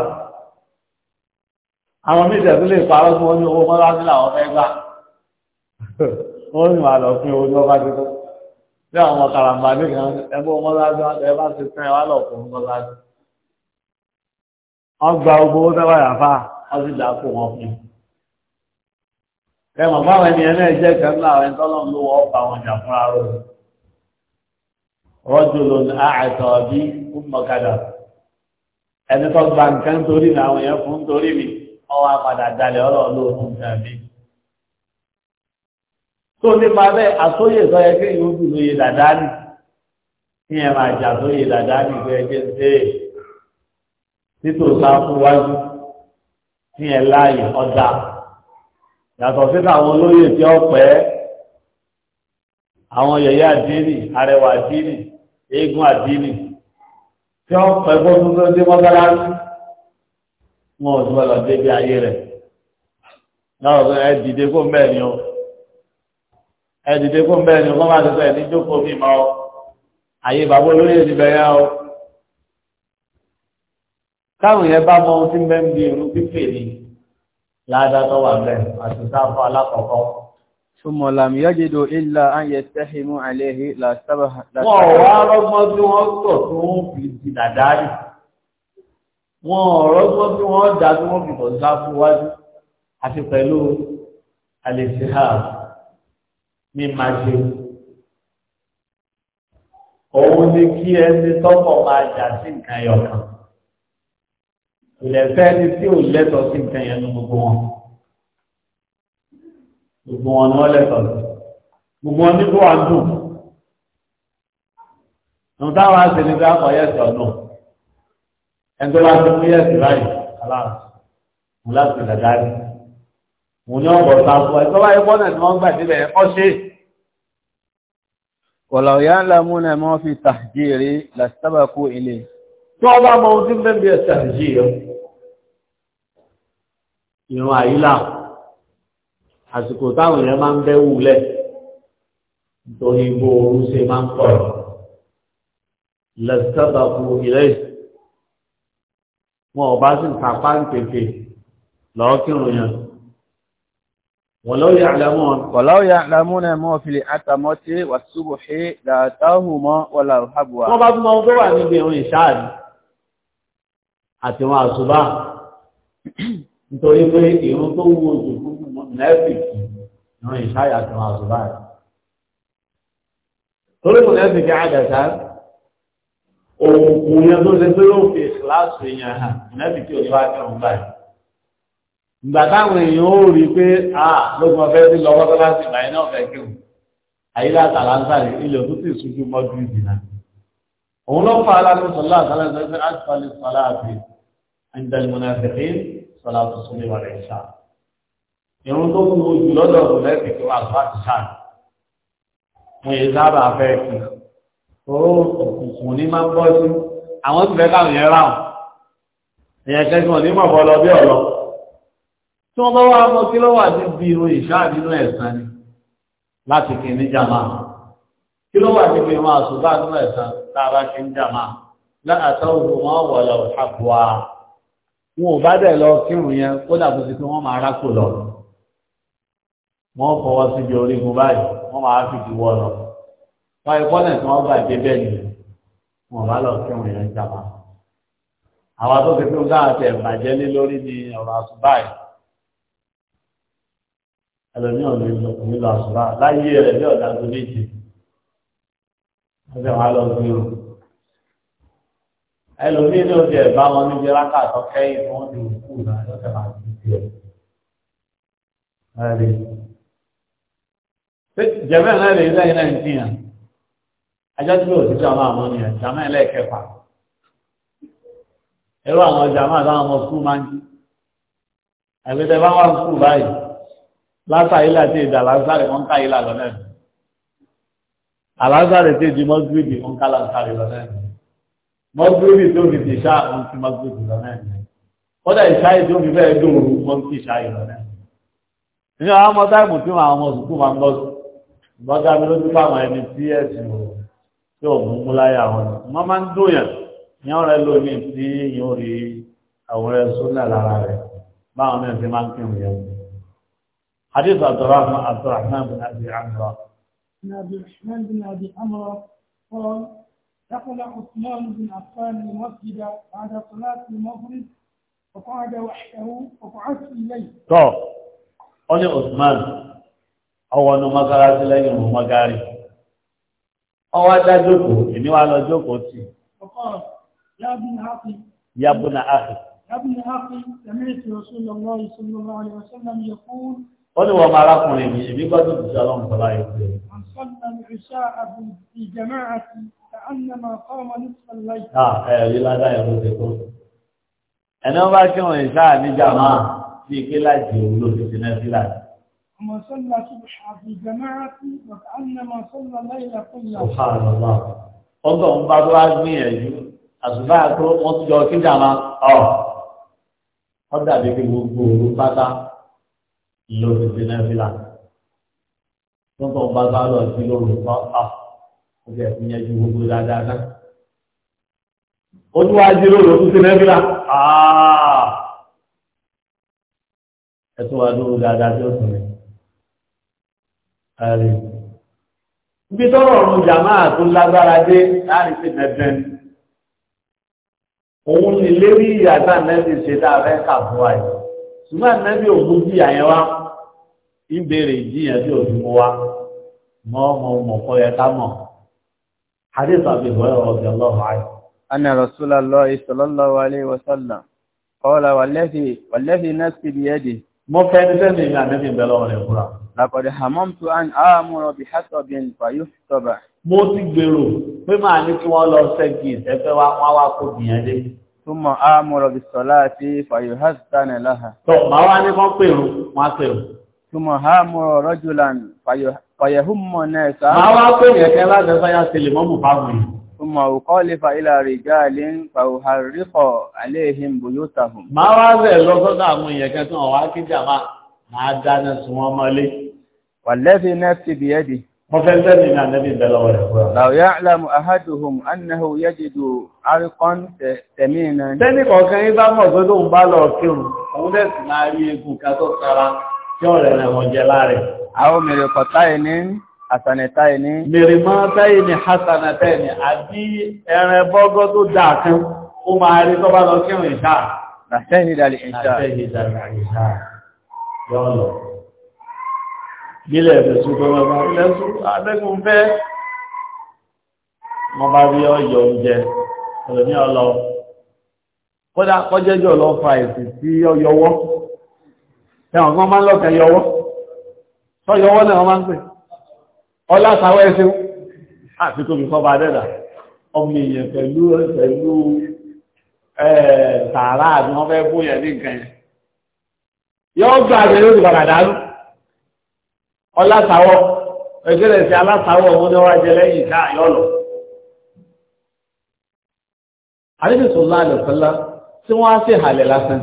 àwọn méjì ẹ̀sùn lè parọ́ sí wọn ní owó mọ́lá sí làwọn fẹ́ gbà wọ́n sì máa lọ fún owó tí wọ́n bá ti tó bí àwọn ọmọ karambà ní kan ẹgbẹ́ mọ́lá sí wọn ẹ ti tẹ́ ẹ wá lọ fún ọgbà ogbó tẹ́wà yàfá ọdí dàkú wọn fún ẹ mọ̀ báwọn ènìyàn náà jẹ́ kẹ́lá àwọn ìtọ́lọ́m ló wọ́ ọ̀pá wọn jà fún aró rọ́jò ló ní àìsàn ọ̀bí mọ̀kadà ẹni tó gba nǹkan torí ní àwọn èèyàn fún torí mi ọwọ́ apàdà dalẹ̀ ọ̀rọ̀ olóògùn tàbí. tó nípa bẹ́ẹ̀ àsóyè sọ yẹ kéèyàn ó dùn lóye dàdá nì kí ẹ máa jà sóyè dàdá nì pé ẹ jẹ́ ń títò sáfù wájú tí ẹ láàyè ọjà yàtọ̀ sí àwọn olóyè tí ó pẹ́ àwọn yẹ̀yẹ́ àdínì arẹwà àdínì eégún àdínì tí ó pẹ́ fọ́tún tó dé mọ́sálásí wọn ò tún bá lọ débi ayé rẹ̀ náà ẹ dìde kó mẹ́rin o ẹ dìde kó mẹ́rin o kó má ti sọ ẹ̀ ní jókòó mi mọ́ ayé bàbá olóyè ti bẹ̀rẹ̀ o táwọn yẹn bá mọ ohun tí ń bẹ ń bi irun pípé ni ládàtọ̀ wà bẹ́ẹ̀ àtúntà fún alákọ̀ọ́kọ́. Súnmọ̀ làmì yájẹ́dò ilá ayẹ tẹ́hìmú àléhì làṣàbà. Wọ́n wá rọ́gbọ́n tí wọ́n tọ̀ tí wọ́n fi di dàdárì. Wọ́n rọ́gbọ́n tí wọ́n dá tí wọ́n fi bọ̀dá fún wájú àti pẹ̀lú àlèṣìhà ní màṣe. Òun ni kí ẹni tọ́pọ̀ máa jà sí nǹkan ẹyọ̀kan ìlẹ̀fẹ́ ni tí ò lẹ́tọ̀ sí nǹkan yẹn ní gbogbo wọn gbogbo wọn ni wọ́n lẹ́tọ̀ sí gbogbo wọn ní kó wà dùn nǹkan táwọn á sì ní ká kọ yẹ̀sì ọ̀nà ẹni tó bá ti mú yẹ̀sì báyìí aláàbò mo láti dàda rí mo ní ọ̀pọ̀ sáfù ẹ̀ tó bá yẹ bọ́nà tí wọ́n gbà síbẹ̀ ẹ̀kọ́ ṣe é. ولو يعلمون ما في تحجيري لاستبقوا إليه tó ọba mọ ohun tí ń bẹ́ẹ̀ bí ẹ̀sẹ̀ àìjí yọ ìran àyílà àsìkò táwọn èèyàn máa ń bẹ́ wùlẹ̀ nítorí bó ooru ṣe máa ń kọ̀rọ̀ lẹ́sítẹ́bàkú ilẹ̀ wọn ò bá sì ń tapá ń tètè lọ́ọ́kìrùn yẹn wọ̀lọ́wọ́ yà lámúnà mọ́ fi lè àtàmọ́ tí ṣe dáadáa hù mọ́ wọ́n làrùn hábùwà. wọ́n bá tún mọ́ tó níbi ìrìn ìṣáàdì àti wọn àṣùbá nítorí pé ìrún tó wù ojú gbogbo mọ́nẹ́fì ìrún ìṣáyà àti wọn àṣùbá rẹ̀. torí mọ́nẹ́fì kí àgàtà òkú yẹn tó ṣe pé yóò fi ìṣìláṣù yẹn hàn mọ́nẹ́fì kí òní wá báyìí. ìgbà táwọn èèyàn ó rí i pé a lókun ọ̀fẹ́ sí lọ́wọ́ tó láti ìgbà yẹn náà fẹ́ kí òun àyílá àtàlánsá rẹ̀ ilẹ̀ tó sì ṣojú mọ́jú ìdìnnà. òun lọ́ fà á lánàá sọ̀lá àtàlánsá عند المنافقين صلاة الصبح والعشاء irun tó kún ojú lọ́dọ̀ ọ̀lẹ́bí tó wà fún àtìsáà wọn yìí sábà fẹ́ kí oró òkùnkùn ní máa ń bọ́ sí àwọn tí fẹ́ káwọn yẹn ráhùn èèyàn kẹsì wọn ní mọ̀ bọ́ lọ bí ọ̀lọ́ tí wọ́n bá wá mọ kí ló wà níbi irun ìṣáà nínú ẹ̀sán ni láti kí ní jàmá kí ló wà níbi irun àṣùbà nínú ẹ̀sán tá a bá kí ní jàmá láàtọ̀ òkú wọn wọ̀ lọ wọn ò bá dẹ̀ lọ kírun yẹn kódà kò sí pé wọ́n máa rákò lọ wọ́n fọwọ́ síbi orígun báyìí wọ́n máa fi ti wọ́ lọ báyìí kọ́nẹ̀ tí wọ́n gbà dé bẹ́ẹ̀ ni wọn bá lọ kírun yẹn jàmá àwọn tó ti fún láàtẹ̀ ìbàjẹ́ lé lórí ni ọ̀rọ̀ àṣùbáyìí ẹlòmíràn nílò àṣùbáyìí láyé rẹ̀ bí ọ̀dà tó méjì wọ́n fẹ́ wọn lọ kírun ẹlòmíín ní oṣù ẹ̀bá wọn níbi rákà tó kẹ́yìn tí wọ́n ti kú náà lọ́sẹ̀ máa ti di ẹ̀. jẹ̀mẹ́ náà lè lẹ́yìn náà ń jiyàn ajá tí yóò títí àwọn àmọ́ nìyẹn jàmẹ́ lẹ́ẹ̀kẹfà irú àwọn jàmẹ́ àtàwọn ọmọ skul máa ń jí àgbẹ̀tẹ̀ bá wà skul báyìí lásà ilé àti ìdà lásàrè wọn ká ilé àlọ́ náà àlásàrè tí ìdí mọ́gírìbì wọn ká lásàrè lọ náà mọ́gbìrì tó fi ti ṣá ohun tí mọ́gbìrì lọ náà ni kọ́dà ìṣáyé tó fi bẹ́ẹ̀ dùn òru mọ́ ti ṣáyé lọ náà ní àwọn ọmọ táìmù tí wọn àwọn ọmọ sùkúù máa ń lọ bọ́dá mi lójú fáwọn ẹni tí ẹ̀sìn ò tí ò mú láyé àwọn ni wọ́n máa ń dóyàn ní ọ̀rẹ́ lónìí tí yóò rí àwòrán sólà lára rẹ̀ báwọn náà ti máa ń kírun yẹn. حديث عبد الرحمن عبد الرحمن بن ابي دخل عثمان بن عفان المسجد بعد صلاة المغرب فقعد وحده فقعدت إليه. طب قال عثمان ọwọ́ ní mọ́sálásí lẹ́yìn òun mọ́gárí ọwọ́ dá jókòó èmi wá lọ jókòó tì. yabuna ahi. ó ní wọ́n máa rákùnrin mi èmi gbọ́dọ̀ tó sọ́lọ́mù fọlá yìí ẹ̀rí ládàá ẹ̀rọ ti kó. ẹni wọ́n bá kí wọ́n ìṣá àníjà máa fi ké láti òun ló ti sinẹ́ sí láti. Ọmọ sọ́lá tó bá àbí jẹmára sí ọ̀gá ànàmọ̀ sọ́lá láìlà fún ìyàwó. ń bá tó wá gbìyànjú, àṣùbá àtó ó jẹ́ ìyẹn ju gbogbo dáadáa náà. ó tún wá jíròrò tó ti nẹ́fìlà ẹ tún wá dúró dáadáa tí ó sùn ní. ibi tọ́rọ̀ ọ̀run jàmáà tó lágbára dé láàrin sí nẹ́fẹ̀ẹ́ ni òun ni lérí ìyàtà nẹ́bí ṣe dáa fẹ́ kà fún wa yìí ṣùgbọ́n nẹ́bí òun jí àyẹn wá ń ìjìyàn tí òfin wa mọ́ ọmọ ọmọ kọ́ yẹ ká mọ̀ حديث أبي هريرة رضي الله عنه أن رسول الله صلى الله عليه وسلم قال والذي والذي نفسي بيده mo fẹ́ni sẹ́ni ní àdébì ìbẹ̀lọ́wọ̀ rẹ̀ fúra. làkọ̀dẹ̀ hamamtu an àmúrọ̀ bí hasabin fayu sọba. mo ti gbèrò pé máa ní kí wọ́n lọ sẹ́kì ìtẹ́fẹ́ wá wọ́n wá kó gbìyànjẹ́. túmọ̀ àmúrọ̀ bí sọlá àti fayu hasana láha. tọ́ màá wá ní kán pèrò wọ́n á pèrò. túmọ̀ àmúrọ̀ rọ́jùlan fayu Fàyẹ̀hún mọ̀ náà sáà. Máa wá pè yẹn kẹ́ láti sáyà sí lè mọ́mù fáwọn yìí. Ọmọ òkọ́ lè fa ilà rè já lè ń pa òhàríkọ̀ aléhìn bòyótàhùn. Máa wá rẹ̀ lọ́sọ́dọ̀ àwọn èèyàn kan wọ́n wá kí jàmá máa dáná sun wọn mọ́lé. Wà lẹ́fì nẹ́fì bí ẹ́dì. Wọ́n fẹ́ lẹ́fì náà lẹ́fì bẹ̀rẹ̀ wọ̀ rẹ̀ fúra. Làwùyá àlàmù àhádùhùn annahu yẹ́jìdù àríkọ́n tẹ̀mí náà. Tẹ́nì kọ̀ọ̀kan tí ọ̀rẹ́ rẹ̀ wọ́n jẹ láàrẹ̀. àwọn mèrè kọ̀tá ẹni àtànẹ̀tá ẹni. mèrè máa táyé ni àtànẹ̀tá ẹni àbí ẹran bọ́gọ́ tó dáa kan ó máa rí tọ́ bá lọ kí òun ìṣá. làṣẹ́yìn ìdàlẹ̀ ìṣá. làṣẹ́yìn ìdàlẹ̀ ìṣá. yọ̀ọ̀lọ̀. bílẹ̀ ẹ̀fẹ̀ sùn tó máa bá lẹ́sùn adẹ́kùn fẹ́. wọ́n bá rí ọyọ̀ oúnjẹ ẹlòmíọ̀ lọ. kódà kọjẹ́jọ́ lọ fa èsì sí ọyọwọ́ ẹwọ̀n máa ń lọ́kẹ̀ yọwọ́ sọ yọwọ́ náà wọ́n máa ń pè ọlá àtàwọ̀ ẹ̀sìn àti tóbi kọ́ dẹ́dà ọmọ èèyàn pẹ̀lú pẹ̀lú tààrà àti wọ́n fẹ́ fún ní nǹkan yẹn yọ́ gbà àgbẹ̀ lórí padà dánú ọlá àtàwọ̀ ẹgbẹ́rẹ̀ sí alátàwọ̀ wọn ni wọ́n jẹ lẹ́yìn ká yọ́lọ̀ àdébìsọ̀ láàrín ọ̀sán tí wọ́n á sì hàlẹ̀ lásán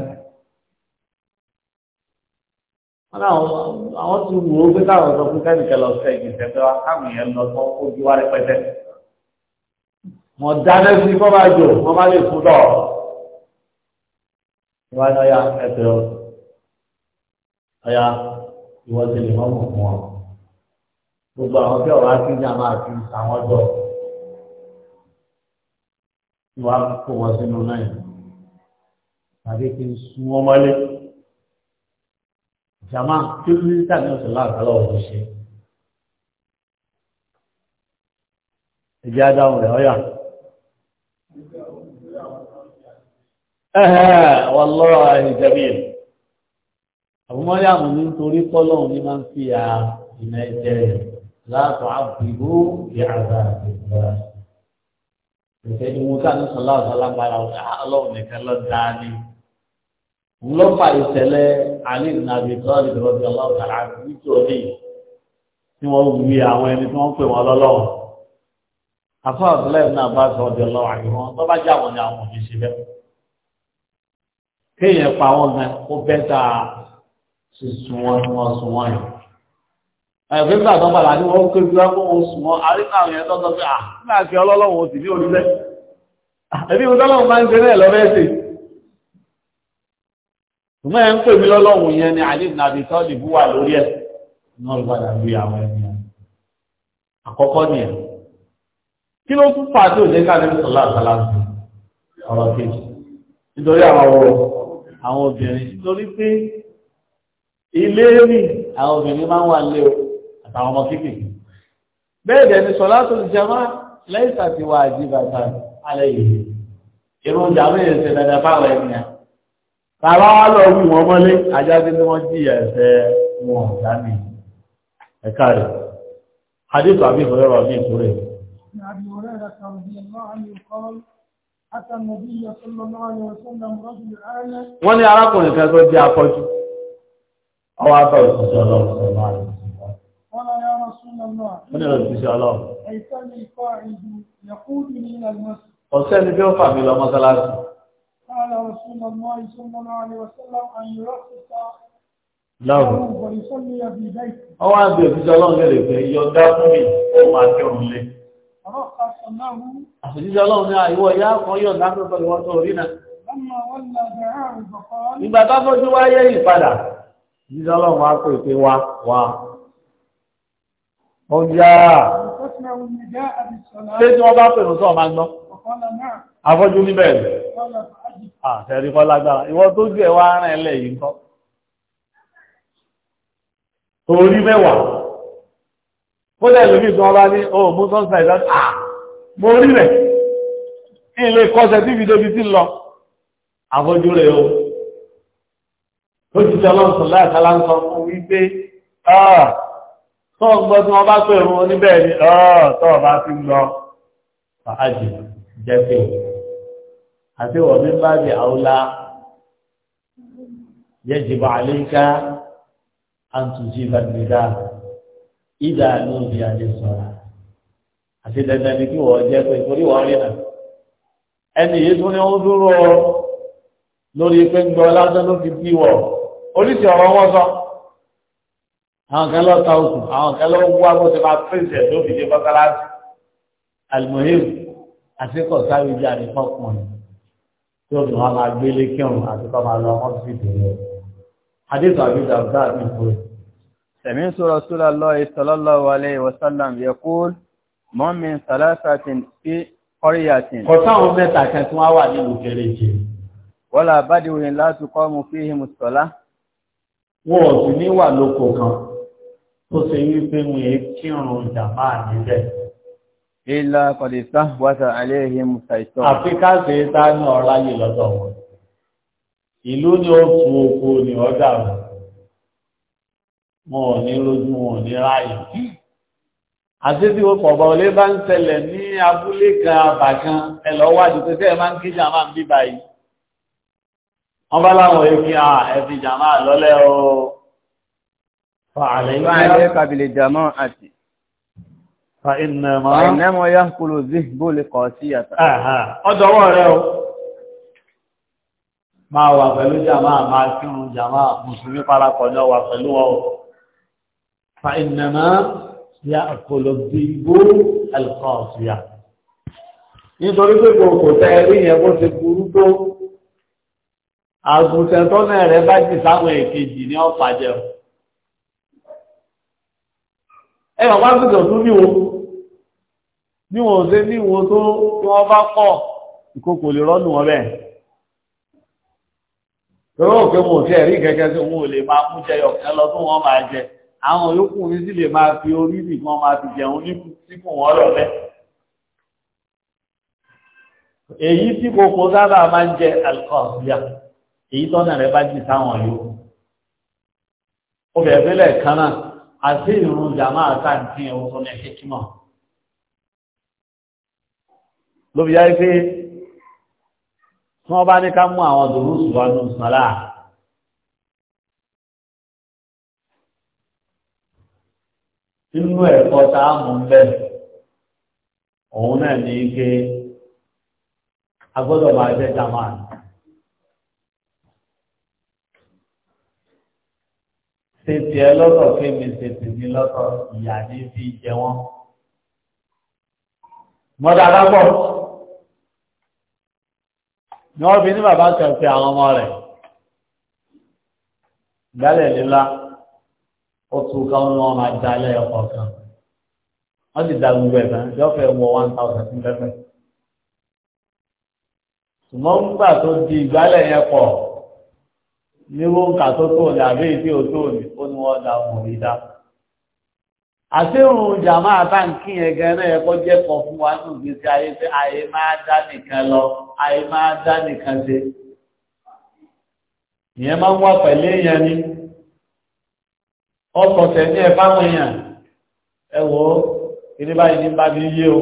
wọn àwọn ti wù ó pé káwọn sọ fún kẹ́míkẹ́ lọ sí ẹ̀jẹ̀ tẹ́tẹ́ wa káwọn yẹn lọ sọ ojú wa rẹpẹtẹ wọn dáná sí kọ́ máa jò wọn má lè fún lọ ìwà ni ọya ẹsẹ̀ ọya ìwọ ti lè mọ́mọ́ fún wọn gbogbo àwọn tí ọ̀rọ̀ á ti ní àmà àti àwọn ọjọ́ ìwà kó wọn sínú náà tàbí kí n sun ọmọlé jàmá kí ló ní tàbí ọ̀sẹ̀ láàkálọ̀ ọ̀dọ̀ ṣe ìjà dáhùn rẹ̀ ọ̀yà wàlọ́rọ̀ ìjẹ̀bíyàn àbúmọ́yàmù ní torí pọ́lọ́hùn ní máa ń fi à ìnà ẹ̀jẹ̀ rẹ̀ láàtọ̀ àbúgbò ìyàrá ìgbà ìṣẹ́jú mú káàdùn sọ̀lá ọ̀sán lágbára ọ̀sán ọlọ́run nìkan lọ́ọ́ dáa ní lọ́fà ìṣẹ̀lẹ̀ alì nàbì tọ́lì lọ́dí ọlọ́ọ̀tàrà nítorí tí wọ́n wí àwọn ẹni tí wọ́n pè wọ́n lọ́lọ́wọ́ afọ́ àbúlẹ̀ náà bá sọ ọdẹ lọ́wọ́ àyíwọ́n tó bá jà wọ́n ni àwọn òbí ṣe bẹ́ẹ̀ kéèyàn pa wọ́n gan ó bẹ́ta sísun wọn ni wọ́n sun wọ́n yẹn ẹ̀fẹ́ nígbà tó bàlá wọ́n kéjú lápò wọn ṣùgbọ́n ẹ̀ ń pè mí lọ́lọ́run yẹn ni alif nàbí tọ́lì bú wà lórí ẹ̀ náà ló padà lórí àwọn ẹni ẹ̀ àkọ́kọ́ ni ẹ̀ kí ló tún fà tó jẹ́ káàdé sọ̀lá àtàlà ọ̀rọ̀ kejì nítorí àwọn ọ̀rọ̀ àwọn obìnrin nítorí pé ilé rí àwọn obìnrin máa ń wà lé o àtàwọn ọmọ kéékèèké bẹ́ẹ̀ dẹ̀ ni sọ̀lá tó jẹ máa lẹ́yìn tàbí wà àjíbàtà alẹ́ yìí èròjà mẹ́rin ṣe dáadáa fáwọn ẹni ẹ̀ Tàbá wá lọ wí wọn mọ́lé, ajá bí wọ́n jí ẹ̀fẹ́ wọn ọ̀gá mi. Ẹ̀ka rẹ̀, Hadith Abi Hurairah rọ̀ ní ìtúrẹ̀. Abi Wọ́n ní arákùnrin kan tó jẹ́ afọ́jú. Ọwọ́ àbá òṣìṣẹ́ ọlọ́run Wọ́n ní òṣìṣẹ́ ni bí ó fà mí lọ mọ́sálásí. قال رسول الله صلى الله عليه وسلم أن يرخص láwùjọ. ọwọ́ àgbẹ̀ òfìsẹ́ ọlọ́run lè pé yọ̀dá fún mi ó máa kẹrùn lé. àṣìṣẹ́ ọlọ́run ní àìwọ̀ ìyá kan yọ̀dá fún pẹ̀lú wọn tó rí náà. ìgbà tó fojú wáyé ìpadà ìṣẹ́ ọlọ́run wá pè pé wá wá. ó yá. ṣé tí wọ́n bá pè mí sọ́ọ̀ máa gbọ́? afọ́jú níbẹ̀ àtẹ̀rí ah, kọ́ lágbára ìwọ tó jẹ́ wá rán ẹlẹ́ yìí kọ́ torí mẹ́wàá ó dẹ̀ lórí ìtàn ọba ní o mú sunset láti à mo rí rẹ̀ ní ilé kọ́sẹ̀ tí fi débi tí lọ afọ́jú rẹ̀ o tó ti jọ lọ́sùn láìsálá ń sọ fún wípé ah, tí wọ́n bá pè mú oníbẹ̀ẹ́ ni ah, tọ́ ọba ti lọ fàájì jẹ́sẹ̀ o àti wọ́n mi bá di àwòlá yẹ́jìbá àlékà àtúntì ìbàdìdá ìdá lóbi àdéṣọ́ra àti dandan ni kí wọ́n jẹ́ pé torí wọ́n rí náà ẹni yìí tún ní ó dúró lórí pé ń gbọ́ lásán ló fi bí wọ̀ oríṣi ọ̀rọ̀ wọn sọ àwọn kan lọ ta òkú àwọn kan lọ wú agbóṣe máa pèsè tó fi dé mọ́sálásí almuhim àtikọ̀ sáré bí àdìpọ̀ pọ̀n tí ó fi wọn máa gbélé kírun àtikọ̀ máa lọ ọ́fíìsì rẹ̀. Adéṣọ́ àbíjà bá mi fò. Sẹ̀mí sọ̀rọ̀ sọ́lá lọ ìsọ̀lọ́lọ́ wàlẹ̀ ìwọ̀sálàm yẹ kó mọ́mí sàlásàtìn sí kọ́ríyàtìn. Kọ̀ táwọn mẹ́ta kan tí wọ́n wà nínú kẹrẹ́jẹ. Wọ́n là bá di wòyìn láti kọ́ mu fi himu sọ̀lá. Wọ́n ò sì ní wà lóko kan tó ṣe wípé wọn kírun jàmáà níbẹ̀ ilá kọ̀dìsá wáta aléhìn ṣàìtọ́. àfi káàsì ìta ní ọ̀rá yìí lọ́dọ̀ wọn ìlú ni ó tu oko ní ọjà wọn wọn ò ní lójú wọn ò ní ráàyè àti tí ó pọ̀ bá olé bá ń ṣẹlẹ̀ ní abúlé kan àbàkan ẹlọ wájú pé sẹ́ẹ̀ máa ń kí jàmáà ń bí báyìí wọ́n bá láwọn èéfín à ẹ̀fí jàmáà lọ́lẹ́ o. fàálẹ́ ìgbà. fàálẹ́ kàbìlì jàmáà àti. فإنما فإنما يهكل الذهب لقاسية ọdọ̀wọ́ rẹ̀ o máa wà pẹ̀lú jàmá máa kírun jàmá mùsùlùmí parapọ̀ ní ọwà pẹ̀lú ọ فإنما يأكل الذهب القاسية nítorí pé kòkò tẹ́ẹ̀rí yẹn bó ti burú tó àgùntẹ̀ tọ́nà rẹ̀ bá jì sáwọn èkejì ní ọ̀fàjẹ́ ẹ wà wá gbèsè ọ̀tún níwò níwò ṣe níwò tó tí wọ́n bá pọ̀ ìkókò lè rọ́nù wọn bẹ́ẹ̀ torí òkè mo ti ẹ̀rí kẹ̀kẹ́ tí wọn ò lè máa mú jẹ ọ̀kẹ́ lọ tó wọn máa jẹ àwọn yòókù mi sì lè máa fi orí bì kí wọ́n máa fi jẹun nípò wọn lọ́lẹ́ èyí tí kòkó sábà máa ń jẹ alkọ́ọ̀síà èyí tọ́nà rẹ̀ bá jì sáwọn yòókù obìnrin fẹ́lẹ̀ kan náà àti ìrùn jàmá àtàntí ẹ̀wọ̀n tó ní ẹ̀kíkímọ̀ ló fi yáyé pé tí wọ́n bá ní ká mú àwọn dòrú ṣùgbọ́nù sọ́lá inú ẹ̀kọ́ tá a mú bẹ́ẹ̀ òun náà ní ike agbọ́dọ̀ máa jẹ́ jàmáà ṣe tiẹ̀ lọ́tọ̀ kémi ṣe tèmi lọ́tọ̀ ìyá ní fi jẹ wọ́n. mọ́tà lápọ̀ ni wọ́n fi ní bàbá kan pe àwọn ọmọ rẹ̀ gbálẹ̀ lílá ó tu káwọn ọmọ máa dalẹ̀ ọkọ̀ kan wọ́n ti da gbogbo ẹ̀ tán yọ fẹ́ wọ one thousand ní pẹ́pẹ́. ṣùgbọ́n nígbà tó di ìgbálẹ̀ yẹn pọ̀ ní wọ́nkà tó tó ní àbí ìdí òtó ní ó ní wọ́n da ọmọ rí dá. àtẹ́rùn jàmá àtàǹkì yẹn gẹ́rẹ́ ẹ̀kọ́ jẹ́ kọ fún wa nù gbèsè ayé pé ayé máa dá nìkan lọ ayé máa dá nìkan ṣe. ìyẹn máa ń wá pẹ̀lú èèyàn ni ọkọ̀ tẹ̀lé ẹ̀ fáwọn èèyàn ẹ wò ó ìdí báyìí ní bá mi yé o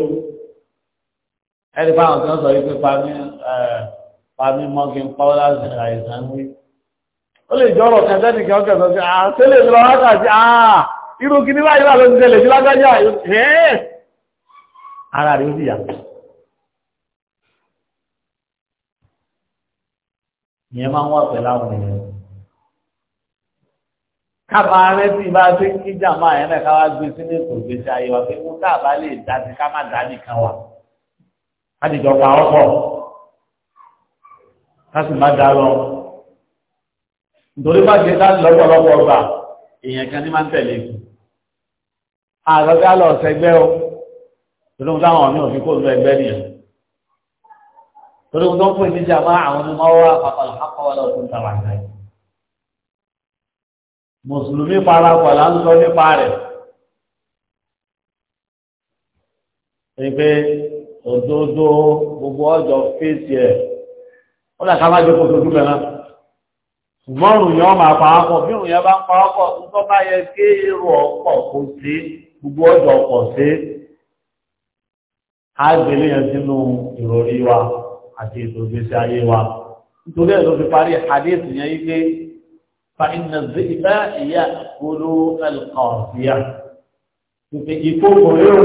ẹni fáwọn kan sọ yìí pé pàmí mọ́kì ń pawọ́ láti àìsàn wí ó lè jọ ọ̀rọ̀ kan tẹ́nì kan kẹsàn sí àtẹ́lẹ̀ ìlọ wákàtí àà irú kí ní báyìí láti tẹ́lẹ̀ sí lágbájá ẹ́ ara rẹ̀ ó sì yà ìyẹn máa ń wà pẹ̀lú àwọn ènìyàn kábà rẹ̀ tí bá ti ń kíjà máa yẹn náà káwá gbé sí ní ìtògbé sí ká sì má dá lọ nítorí bá jẹ́ láti lọ́pọ̀lọpọ̀ ọgbà èèyàn kan ní máa ń tẹ̀lé ikú àlọ́gá lọ sẹgbẹ́ o torí táwọn ọ̀nà òfin kò lọ ẹgbẹ́ nìyẹn torí tó ń pè ní jàmá àwọn ọmọ wa pàpàlà àpọ̀wọ́ lọ fún tàwa náà mùsùlùmí parapọ̀ là ń nípa rẹ̀ ẹni pé òdodo gbogbo ọjọ́ fèsì ẹ̀ ó dà ká má jẹ́ tó dúpẹ́ náà ṣùgbọ́n yọ máa pàápọ̀ bí òun yẹ bá ń pàápọ̀ tó bá yẹ kí èrò ọ̀pọ̀ kò sí gbogbo ọjọ́ ọ̀pọ̀ sí àgbélé yẹn sínú ìròrí wa àti ètò ìgbésí ayé wa nítorí ẹ̀ ló fi parí hadith yẹn yí pé fàìnà ìbá ìyá olú ẹlẹ́kọ̀ọ̀síyà tòkè ìkókò yóò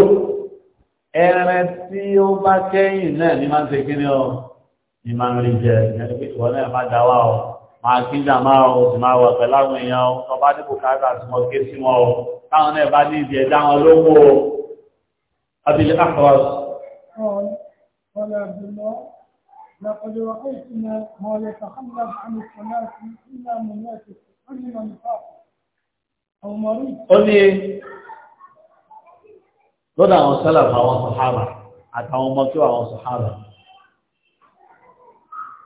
ẹran tí ó bá kẹ́yìn náà ní máa ń ṣe kí ni ọ ní máa ń rí jẹ ìyẹn pé ìwọ náà má dá wà ọ máa kí jàmá o sì máa wà pẹ̀lú àwọn èèyàn o tó bá ní bùkátà sí wọn ké sí wọn o táwọn náà bá ní ìdí ẹ̀dá wọn lówó o abilé akọwà. لقد رأيتنا lọ́dọ̀ àwọn sálàfà àwọn sàhábà àtàwọn ọmọ tí wà àwọn sàhábà.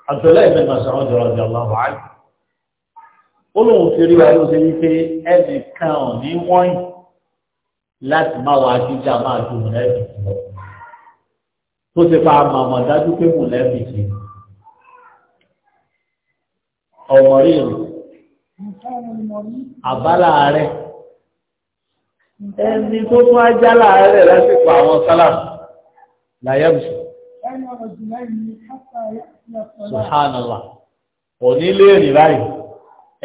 Abdullahi bin Mas'ud radiyallahu anhu. Ó lóun fi rí wa ló ṣe wípé ẹnìkan ò ní wọ́n láti má wá jíjà máa ju mọ̀lẹ́bí ti lọ. Tó ti pa màmá dájú pé mọ̀lẹ́bí ti. Ọmọ rí rè. Àbálà rẹ̀. Ẹni tó tún ajá láàárẹ̀ lásìkò àwọn sálà láyé subhanallah òní lè rìn báyìí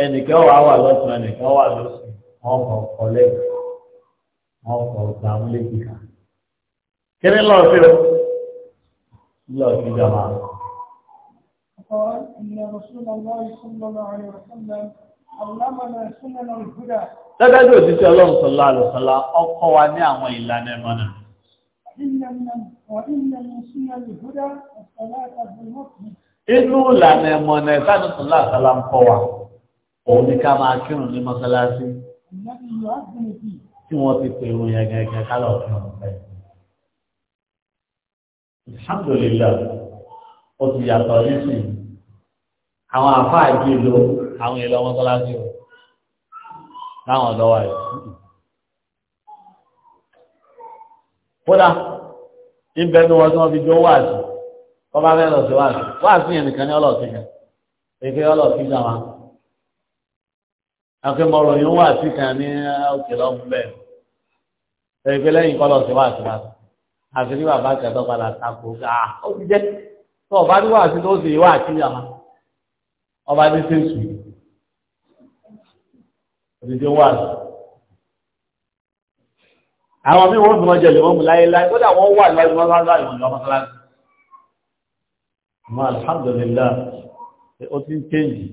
ẹnìkan wà wà lọ́sùn ẹnìkan wà lọ́sùn wọn kọ̀ ọ̀kọ̀ lẹ́yìn wọn kọ̀ ọ̀gbà ń lébi kan. kí ni lọ́ọ̀ sí o lọ́ọ̀ sí jọba. قال إن رسول الله صلى الله عليه وسلم علمنا سنن الهدى. dájú òṣìṣẹ́ ọlọ́run sọ̀lá àlùsọ̀lá ọkọ̀ wa ní àwọn ìlànà ẹ̀mọ́nà. Inú ìlànà ẹ̀mọ̀nà ìbánu sọ̀lá àtàlà ń kọ́ wa, òun ni ká máa kírun ní mọ́sálásí. Tí wọ́n ti pè irun yẹn gẹ́gẹ́ kálọ̀ fún ọ̀rọ̀ bẹ́ẹ̀. Alhamdulillah, ó ti yàtọ̀ nísìn. Àwọn àfáà jí àwọn èlò mọ́sálásí Láwọn ọ̀dọ́ yìí. kódà níbẹ̀ ni wọ́n tí wọ́n fi jó wáàsì wọ́n bá fẹ́ lọ sí wáàsì wáàsì yẹn nìkan ní ọlọ́ọ̀sì kan èké ọlọ́ọ̀sì gbà wá. akẹ́mọ̀rọ̀ yìí wáàsì kan ní eh, òkè lọ́mú bẹ́ẹ̀ èké lẹ́yìn kọ́ lọ́ọ̀sì wáàsì wá àti ní bàbá kẹtọ́ padà takò gà ó ti jẹ́ tó ọba ní wáàsì tó sì wáàsì yà wá ọba ní sèṣù òdìdí wáàsì àwọn mí wọ́n fún ọjọ́ ìwọ̀n mú láyé láyé kódà wọ́n wà láyé wọ́n láyé wọ́n lọ mọ́sálásí ma alhamdulillah ó ti ń kéjì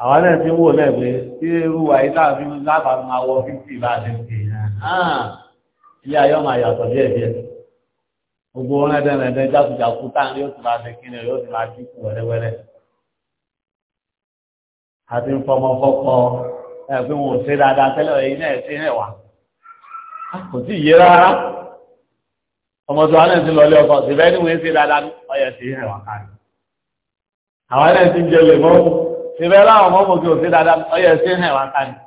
àwọn náà ti ń wò náà pé tí irú àyè láàfin lábàá máa wọ fífì bá ti ń pè hàn ah, ilé ayọ́ máa yàtọ̀ díẹ̀ díẹ̀ gbogbo wọn dẹ́n dẹ́n jákujàku táwọn yóò ti máa fi kíni yóò ti máa dínkù wẹ́rẹ́wẹ́rẹ́ àti ń fọmọ fọ́kọ ẹ̀ pé wọn ò ṣe dáadáa tẹ́lẹ̀ ẹ̀yin náà ṣe náà wà. Ah, kò sí yé rárá ọmọ tó náà ti lọlé ọkọ síbẹ̀ ní wọ́n ń ṣe dáadáa ní ọyọ̀ sí ìhẹ̀ wà káàkiri àwọn náà ti ń jẹ lè mọ́ síbẹ̀ láwọn ọmọ mọ̀ kí o ṣe dáadáa ní ọyọ̀ sí ìhẹ̀ wà káàkiri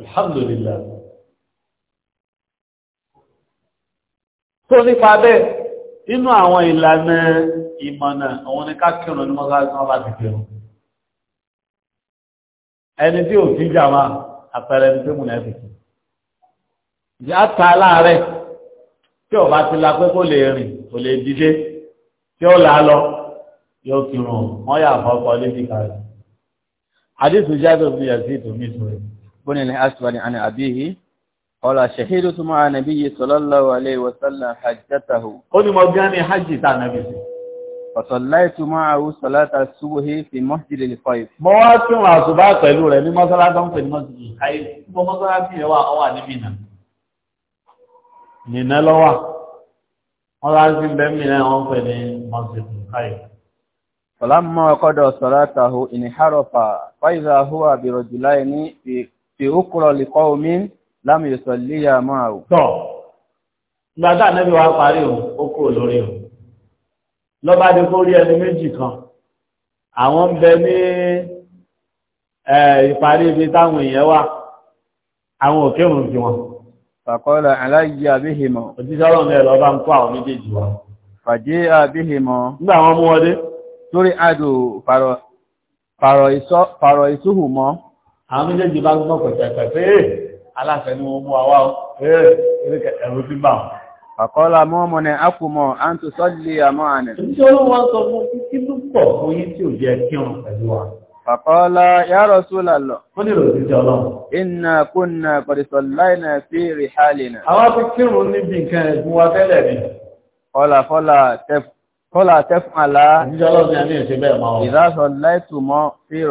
alhamdulillah tó nípa bẹ́ẹ̀ inú àwọn ìlànà ìmọ̀nà òun ni ká kírun ní mọ́sáàsì wọn bá ti kírun ẹni tí ò sí jàmá àpẹẹrẹ ní pé mùnà ẹ̀fìkì ìyá ta láàárẹ̀ tí ọba ti la pé kó lè rìn kó lè dìde tí ó là á lọ yóò kírun wọn yà fọkọ lébi kárẹ. حديث جابر بن يزيد مثله بن الأسود عن أبيه قال شهدت مع النبي صلى الله عليه وسلم حجته قل مجاني حجة النبي فصليت معه صلاة الصبح في مسجد الخيف مواسم الصبح قالوا لي ما صلاة في المسجد الخيف وما صلاة في هو أوان بنا nìna lọ́wà wọ́n lá sí bẹ́mìnà wọ́n pẹ̀ ní mọ́sílù káyọ̀. Fọlámọ́ ọkọ́dọ̀ sọ̀rátàhù ìníhárọ̀fà fáìzà húwà bìrọ̀ jùláì ní fi ókúrọ̀ lìkọ́ omi lámì ìsọ̀líyà máa wù. Tọ́ gbàdá nẹ́bí wa parí o, ó kúrò lórí o. Lọ́ba di kó rí ẹni méjì kan. Àwọn ń bẹ ní ìparí ibi táwọn èèyàn wà, àwọn òkè òun fi wọn. Fàkọ́lá aláyíyá bíhìmọ̀. Òjíṣọ́rọ̀ ní ẹ̀lọ bá ń kọ́ àwọn méjèèjì wa. Fàjé àbíhìmọ̀. Nígbà wọn mú wọlé. Torí àdò pàrọ̀ ìṣúhù mọ́. Àwọn méjèèjì bá gbọ́ pẹ̀tẹ̀pẹ̀ pé aláṣẹ ni wọ́n mú wa wá ẹ̀rù a kù Fàkọ́lá yàrọ̀ súlàlọ̀. Ó ní ìrò títí ọlọ́run. Iná kúnnà kọ̀dìsọ̀ láìnà sí ìrìhálìnà. Àwọn fi kírun níbi nǹkan ẹ̀gbùn wa tẹ́lẹ̀ ni. Kọ́lá fọ́lá tẹ́fù. Kọ́lá tẹ́fún àlá. Ìjọ́ ni a ní ìṣẹ́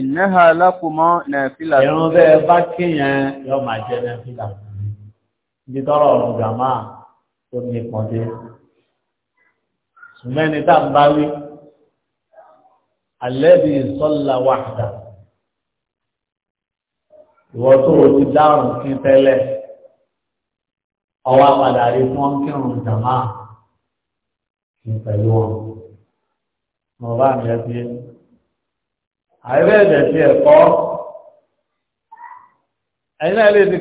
ìnáhà lákùmọ́ nàfílà. ẹ̀rùn bẹ́ẹ̀ bá kíyàn yọ máa jẹ nàfílà ibi tọrọ ọ̀run gàmá tó ní pọ̀dé ṣùgbẹ́ni tá ń bá wí alẹ́bí sọ́là wàhádà ìwọ tó o ti dárùn kí tẹ́lẹ̀ ọwọ́ padà rí fún kírun gàmá kí pẹ̀lú wọn. mo bá mi ẹ bí àìrẹ́ ẹ̀dẹ̀ sí ẹ̀kọ́ ẹ̀yìn náà lè ti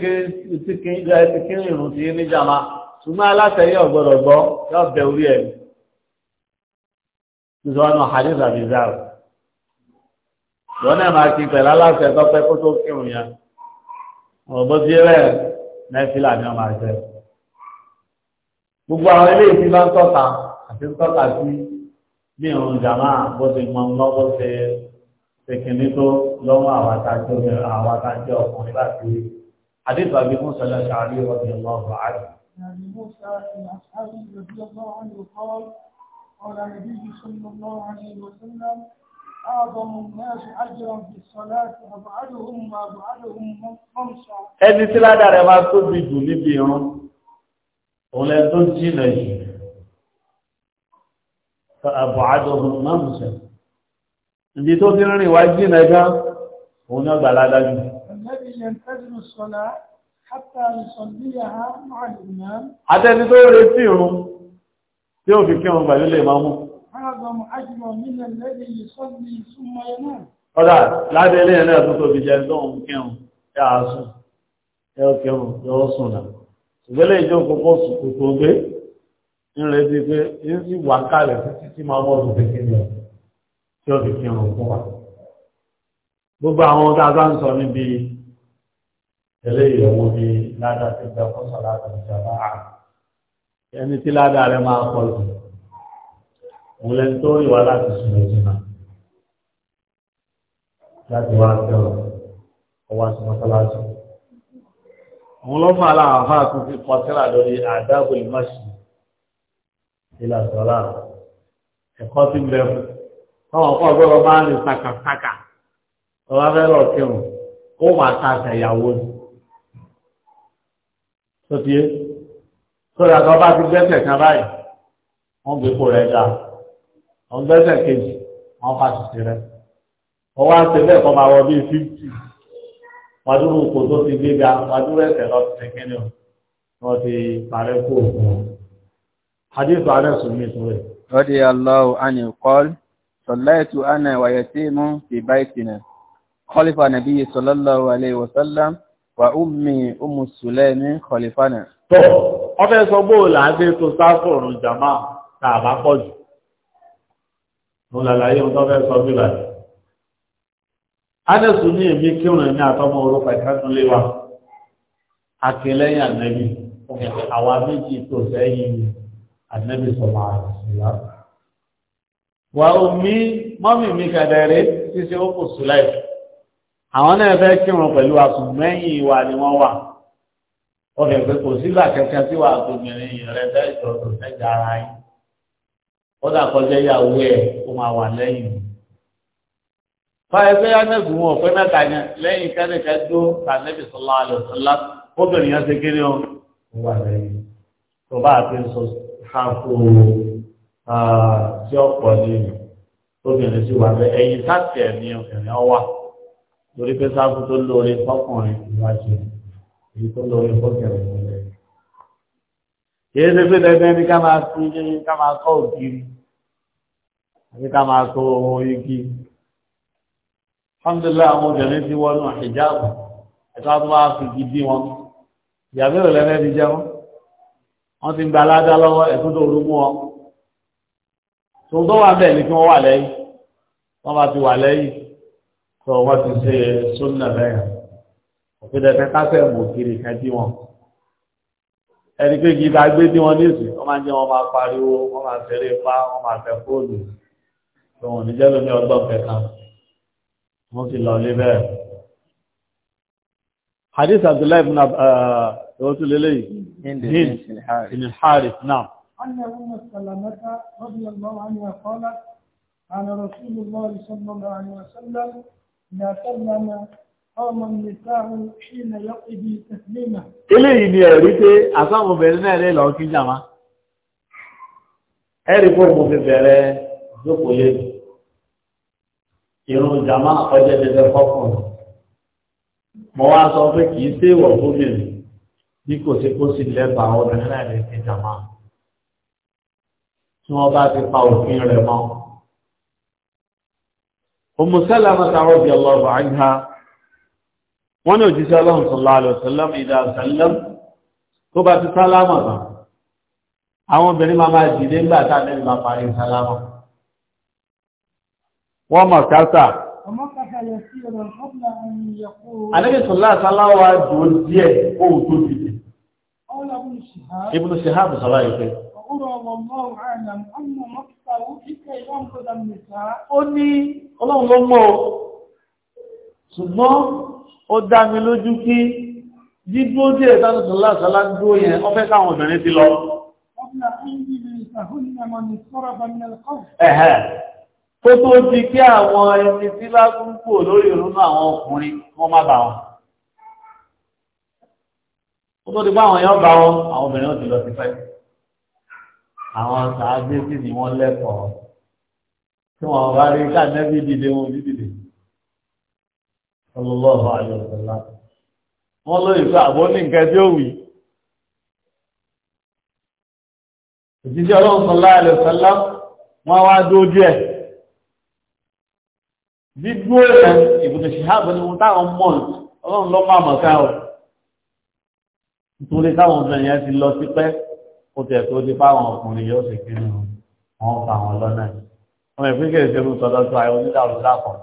kí ìrùn sí ní jàmá ṣùgbọ́n alátẹ̀yẹ ọ̀gbọ́dọ̀ gbọ́ yóò bẹ orí ẹ̀ nítorí wọn hadith abizar lọ́nà máa ti pẹ̀lú aláṣẹ tọ́pẹ́ kó tó kírun yẹn ọ̀bọ sí rẹ̀ nẹ́fìlà ni wọ́n máa jẹ gbogbo àwọn eléyìí ti bá ń tọ́ka àti ń tọ́ka sí bí ìrùn jàmá bó ti mọ̀ ń lọ́ bó ti pẹ̀kìnní tó lọ́wọ́ àwàtájọ́ àwàtájọ́ ọkùnrin láti rí. Àdébà bí mú sọ́lá ṣàárí ọdí ọlọ́rọ̀ àrí. قال النبي صلى الله عليه وسلم أعظم الناس أجرا في الصلاة أبعدهم وأبعدهم من خمسة. Ẹni tí ládàrẹ máa tóbi jù níbi ìrun, òun lẹ́nu tó jìnà yìí. فأبعدهم خمسة ìdí tó ti rìn wá jìnà ẹgbẹ́ òun náà gbàlá dájú. Àtẹ́ni tó retí ìrun tí ó fi kí wọn pẹ̀lú lè máa mú. Ọ̀dá lábẹ́ ilé ẹ̀nà ẹ̀sùn tó fi jẹ tó ń kí wọn yá sùn, yá kí wọn yóò sùn náà. Ìgbélé ìjọ kòkó sùn kòkó gbé, ń retí pé ń sì wà kálẹ̀ títí máa mọ́ ọdún kékeré tí ó fi fi hàn fún wa gbogbo àwọn tá a bá ń sọ níbi eléyìí owó bí ládàá ti gbẹ fún sọlá tó ti jàmbá à ẹni tí ládàá rẹ máa pọ̀ jù òun lẹni tó rí wa láti sùn lójú náà láti wá sí ọ̀rọ̀ ọwọ́ àti mọ́sálásí òun ló fún aláwọ̀ fi kọ sílà lórí àdáàbò ìmọ̀sí ìlà ẹ̀kọ́ ti gbẹ ọwọ́ pọ̀ gbọ́dọ̀ máa ń rìn sàkàsàkà ọwọ́ fẹ́ lọ ó wà ká àtẹ̀yàwó ni. tó ti yé sọ́dà tó bá ti gbẹ́sẹ̀ kan báyìí wọ́n gbé kó rẹ̀ dáa wọ́n gbẹ́sẹ̀ kejì wọ́n fà títí rẹ̀ ọwọ́ àti bẹ́ẹ̀ kọ́ máa wọ bíi fífì wàdúrú kò tó ti gbé ga wàdúrú ẹ̀sẹ̀ lọ sí kẹ́ni ọ̀ wọ́n ti parẹ́ kó òkun. hadith alẹ́ sùn mí sùn rọ́dí aláwọ̀ àni kọ́lù. صليت أنا ويتيم في بيتنا خلف النبي صلى الله عليه وسلم وأمي أم السليم خلفنا tó ọfẹ́ sọ bóòlù àti ètò sáfòrùn jama tààbá pọ̀ jù mo lálàyé ohun tó fẹ́ sọ bí báyìí ádẹ́sù ní èmi kírun ní àtọmọ orúkọ ìkásúnlé wa àkìlẹ́yìn ànẹ́bí àwọn méjì tó sẹ́yìn ànẹ́bí sọ̀rọ̀ àìsíláàmù wà omi mọ́mì mi kẹ̀dẹ̀rẹ́ ṣíṣe ó kò sí láì àwọn náà fẹ́ kírun pẹ̀lú àtùmẹ́yìn wa ni wọ́n wà ó lè pé kò sígbà kẹ̀kẹ́ tí wà àtòmìnrin rẹ̀ fẹ́ ìjọsọ fẹ́jà ara yín ó dàkọjẹ́ ìyàwó ẹ̀ kó máa wà lẹ́yìn fáyẹ pé ánẹ́gùn wọn pé mẹ́ta yẹn lẹ́yìn kẹ́nìkẹ́ dó tànẹ́bì sọlá àlùsọlá obìnrin yẹn ṣe kí ni ó tí ọ̀pọ̀ nínú obìnrin sì wà bẹ ẹ̀yìn sáàtì ẹ̀mí obìnrin ọwà lórí pé sáàkú tó lóore fọkùnrin ìwájú èyí tó lóore fọkùnrin ìwájú. kìí ṣe pé dandan ní ká máa fi ká máa kọ́ ògiri àti ká máa kó ohun igi. alhamdulillah àwọn obìnrin ti wọnú hijab ẹ̀ka tó máa fi gidi wọn ìyàgbé òlẹ́lẹ́ ti jẹun wọ́n ti gba aládá lọ́wọ́ ẹ̀kú tó rú mú wọn tòun tó wà bẹ́ẹ̀ ni kí wọ́n wà lẹ́yìn wọ́n bá ti wà lẹ́yìn tó wọ́n ti ṣe sóńnà bẹ́ẹ̀ òfìdẹ̀fẹ́ kásẹ̀ mọ̀ kiri kan dí wọn ẹni pé kí ìta gbé dí wọn nísì wọ́n máa ń jẹ́ wọn máa pariwo wọ́n máa tẹ̀lé pa wọ́n máa tẹ fóònù tó wọn ní jẹ́lómi ọgbọ́n kẹta wọ́n sì lọ lé bẹ́ẹ̀. hadith abdullahi ibn abdullahi uh, ibn abdullahi ibn al-harith naam. أن أم سلمة رضي الله عنها قالت عن رسول الله صلى الله عليه وسلم لا سلم قام النساء حين يقضي تسليمه. eléyìí ni ẹ̀rí pé àtàwọn obìnrin náà lè lọ kí jàmá ẹ̀rí pé mo fi bẹ̀rẹ̀ lóko lẹ́nu irun jàmá ọjọ́ dẹdẹ fọ́kùnrin mo wá sọ pé kì í ṣe ìwọ̀ fún mi bí kò ṣe kó sì lẹ́bàá ọdún náà lè kí jàmá tí wọ́n bá ti pa òfin rẹ̀ mọ́. Ummu Salamah radiyallahu anha wọ́n ní òjíṣẹ́ ọlọ́run sallallahu alaihi wasallam ìdá sallam tó bá ti sálámà bá àwọn obìnrin máa máa dìde ńgbà táàbí máa parí sálámà wọ́n mọ̀ káàtà Ànábì sallallahu alaihi wasallam dùn díẹ̀ kó tó dìde Ibn Shihab sọ́lá ìfẹ́ sallallahu a'lam amma mọ́kítàwó kíkẹ́ ìwọ̀n tó dá nìta. ó ní ọlọ́run ló mọ̀ ọ́ ṣùgbọ́n ó dá mi lójú kí dídúró díẹ̀ tánà sọ̀lá sọ̀lá dúró yẹn ọfẹ́ káwọn obìnrin ti lọ. ẹ̀hẹ́ tó tó di kí àwọn ẹni tí lágúnkò lórí ìrúnú àwọn ọkùnrin wọ́n má bà wọn. ó tó di bá àwọn èèyàn bá wọn àwọn obìnrin ó ti lọ sí fẹ́ àwọn sàábé sì ni wọ́n lẹ́kọ̀ọ́ tí wọ́n bá rí káàdẹ́bí dìde wọn bí dìde sallallahu alaihi wasallam wọ́n lóye pé àbọ̀ ní nǹkan tí ó wì òjíṣẹ́ ọlọ́run sallallahu alaihi wasallam wọ́n wá dúró díẹ̀ nítorí táwọn obìnrin yẹn ti lọ sí pẹ́ ó tẹ̀ tó di fáwọn ọkùnrin yóò sì kí wọn wọn fa wọn lọ́nà ọmọ ìpín kìí ṣe irú tọ́lọ́ tó ayé onídàrú lápọ̀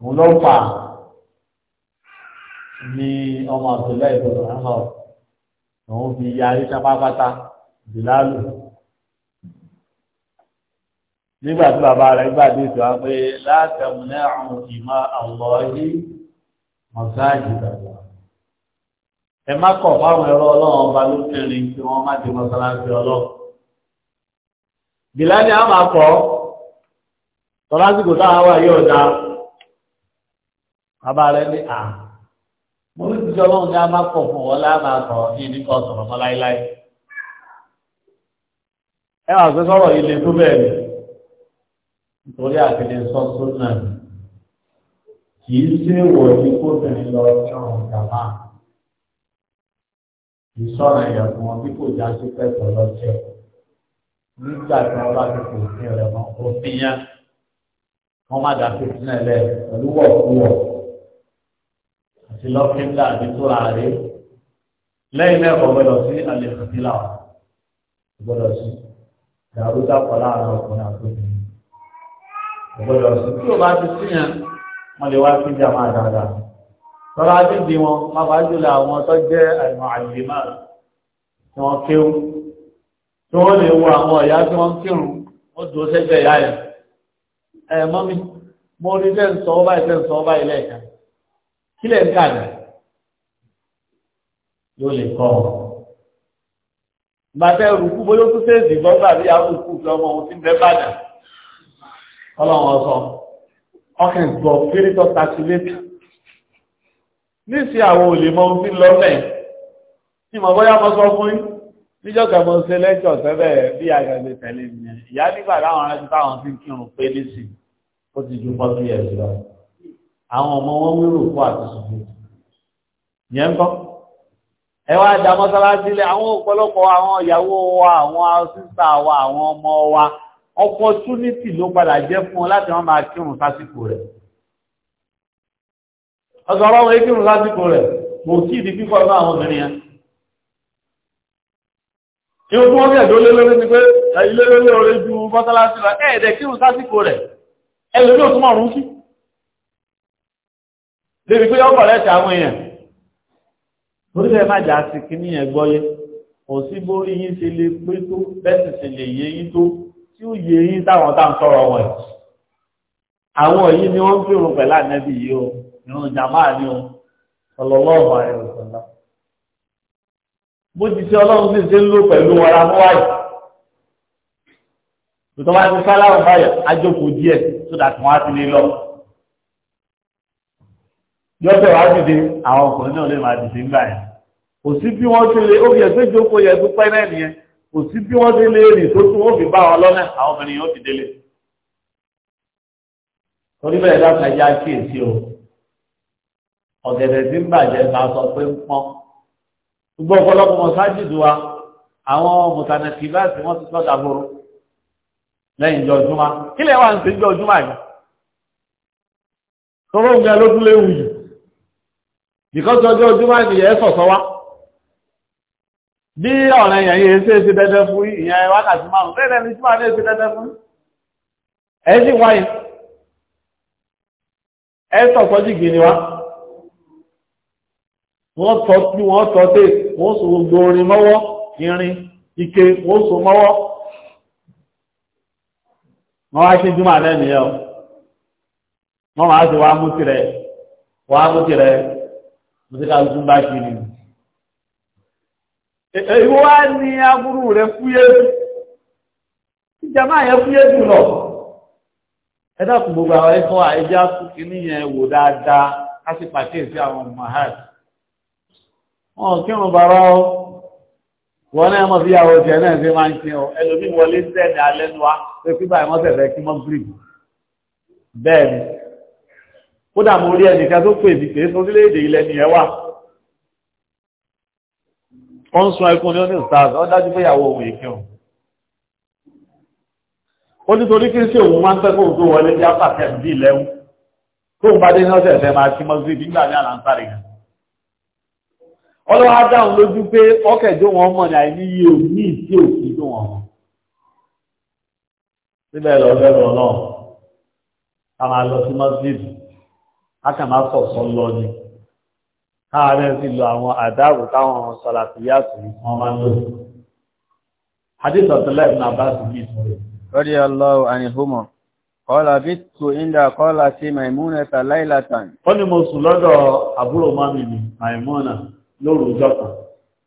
òun ló fà ní ọmọ àtúlẹ̀ ìgbòho ẹ̀họ́ òun fi yarí sápápátá bìlálù nígbà tí bàbá rẹ̀ gbàdé ìtura pé látẹ̀mú náà àwọn ìmọ̀ àwọn ọ̀yí mọ̀sáàjì bàbá. ẹ má kọ̀ fáwọn ẹ̀rọ ọlọ́run ọba lókèrè tí wọ́n má ti mọ́sálásí ọlọ́run. bìlá ni a máa kọ́ tọ́lásìkò táwọn wà yóò dá bàbá rẹ ní à mo ní ìdíjọ́ a máa kọ̀ fún wọn ní ìdíkọ̀ sọ̀rọ̀ mọ́ ẹ wà tó ni nítorí àfihàn ìsọ̀rọ̀ ẹ̀yà fún wọn bí kò já sí pẹ̀tọ̀ lọ́sẹ̀ nígbà tí wọ́n bá ti kò sí ọ̀rẹ́ wọn kò sí yá wọ́n má dá sí sílẹ̀ lẹ̀ pẹ̀lú wọ̀kúwọ̀ àti lọ́kíńdà àti tóra rẹ̀ lẹ́yìn náà kò gbọdọ̀ sí alẹ́ ìfìlà gbọdọ̀ sí dàrúdà pọ̀ láàárọ̀ ọkùnrin àti obìnrin gbọdọ̀ sí tí o bá ti sí yẹn wọ́n lè wá sí ìjà máa dáadáa lọ́la dídì wọn pàápàá jùlọ àwọn tó jẹ́ àìmọ̀ àìlèmọ̀ tí wọ́n kéwú tí wọ́n lè wo àwọn ọ̀yá tí wọ́n kírun ó dúró sẹ́gbẹ̀ ìyá yẹn ẹ̀ mọ́mí mo rí tẹ́ sọ ọ́ báyìí tẹ́ sọ ọ́ báyìí lẹ́ẹ̀kan kílẹ̀ ń kà ní yóò lè kọ́ ọ. Gbàtẹ́ rùkú bóyó tó sèèsì gbọ́gbà bí àrùkú fi ọmọ ohun tí ń bẹ bàdà. Ọlọ́run ọ̀sán, ọkàn gbọ́ fírí tó níṣì àwọn olè mọ ohun tí ń lọ mẹ́ ní mọ̀ bóyá mo sọ fún yín níjọ́ kan mo ṣe lẹ́jọ́ sẹ́bẹ̀ bí àgbàgbé tẹ̀lé mi ìyá nígbà táwọn aráàlú táwọn ti ń kírun pé níṣì ó ti ju forty years lọ àwọn ọmọ wọn wúrò fún àtúnṣe yẹn ń bọ́ ẹ wá da mọ́sálásí lẹ àwọn ọ̀pọ̀lọpọ̀ àwọn ìyàwó wa àwọn sísá wa àwọn ọmọ wa opportunity ló padà jẹ́ fún ọ láti wọ́n máa kírun sásìkò rẹ̀ ọ̀sán ọlọ́run ekírun lásìkò rẹ̀ kò sí ìdí pípọ̀ náà àwọn obìnrin yẹn ìwọ̀n tí wọ́n bí ẹ̀dọ́ lélórí ti pé ilé lórí orí ju mọ́sálásí rẹ̀ ẹ̀ẹ̀dẹ̀ kírun sásìkò rẹ̀ ẹlòmí òtún mọ̀rún sí débi pé ọkọ̀ lẹ́tì àwọn èèyàn lórílẹ̀ má jà sí kí ní ẹgbọ́yé kò sí bórí yín ṣe lè àwọn yìí ni wọ́n ń pèrò pẹ̀lú ànẹ́bí yìí o ìrún jàmáà ní o ọlọ́lọ́ọ̀bà ẹ̀rọ sọ̀lá bó ti ṣe ọlọ́run sì ṣe ń lò pẹ̀lú wọn láwọn wáyé tòtọ́ bá ti sáláwọ̀ báyọ̀ ajókòó díẹ̀ tó dà tí wọ́n á ti lé lọ yọ́tọ̀ wá dìde àwọn ọkùnrin náà lè máa dìde ńgbà yẹn kò sí bí wọ́n ṣe lè ó fi ẹ̀gbẹ́ ìjókòó yẹn tó pẹ́ náà nìyẹn kò sí bí wọ́n ṣe lè rìn tó tún ó fi bá wọn lọ́nà àwọn obìnrin yóò fi délé torí bẹ́ẹ̀ dáta ẹja kíyèsí o ọ̀gẹ̀dẹ̀ tí ń bàjẹ́ ta sọ pé ń pọ́n gbogbo ọ̀pọ̀lọpọ̀ mọ̀sájìdù wa àwọn mùtànàtì láti wọ́n ti sọ́dà boro lẹ́yìn ìjọ ọdúnmá kí lẹ́wà ń sèjọ ọdúnmá yìí tọrọ òǹgà ló tún léwu yìí bìkọ́sì ọjọ́ ọdúnmá nìyẹn ẹ sọ̀sọ́ wa bí ọ̀rẹ́ yẹn yẹn ṣe ṣe dẹ́dẹ́ fún ìyẹn wákàtí márùn bẹ́ẹ̀ ni tí wàá ní ṣe dẹ́dẹ́ fún ẹ sì wáyé ẹ sọ̀sọ́ jìgì ni wa wọ́n tọ́ tí wọ́n tọ́ tẹ́ wọ́n so gbogbo orin mọ́wọ́ irin ike wọ́n so mọ́wọ́ wọ́n wá sí júmọ̀ náà nìyẹn o wọ́n máa sì wá mú tirẹ̀ wá mú tirẹ̀ mùsíkà ló tún bá kí ni. Èyí wá ní aburú rẹ̀ fúyé ìjàmbá yẹn fúyé jù lọ. Ẹ dákun gbogbo àwọn ẹ̀kọ́ àìjá kú kí wò dáadáa ká sì pàkíyèsí àwọn mahad wọn kírun bàbá ọ wọn náà mọ̀ sí ìyàwó jẹ náà ṣe máa ń kí ọ ẹlòmí wọlé sẹ́ẹ̀dì alẹ́ nu wa pé kí báyìí wọ́n tẹ̀fẹ́ kí mọ́ gírì bẹ́ẹ̀ ni kódà mo rí ẹnìkan tó pè mí pé sórílẹ̀-èdè ilẹ̀ nìyẹn wà ó ń sun ẹkún ní ó ní ìsáàsì ó dájú pé ìyàwó òun ìkírun ó nítorí kí n ṣe òun máa ń tẹ́kọ̀ọ́ tó wọlé bí ápàtẹ́ bí ìlẹ́wù tó bá dé ní ọ̀sẹ̀ ẹ̀fẹ́ máa kí mọ́ gírì nígbà ní àlàǹtàrí gan ọlọ́wọ́ adáhùn lójú pé ọkẹ̀dọ́ wọn mọ̀ ní àìníyí ò ní ìdí òkú dùn wọn mọ̀. síbẹ̀ lọ bẹ̀rẹ̀ ọlọ́run a máa lọ sí masjid a kà máa sọ̀sọ́ lọ ni káàárẹ̀ sì lọ àwọn àdáàbò táwọn sọ̀làtìyà sí wọn máa ń lò. hadith ọ̀tọ̀lá ibn Abbas ní ìtúrẹ̀. rọ́dí ọlọ́run àníhùmọ̀ kọ́lá bí tù ìndà kọ́lá sí maimuna ta láìlátàn. ó ní mo sùn lọ́dọ̀ àbúrò mami mi maimuna lóru ọjọ́ kan.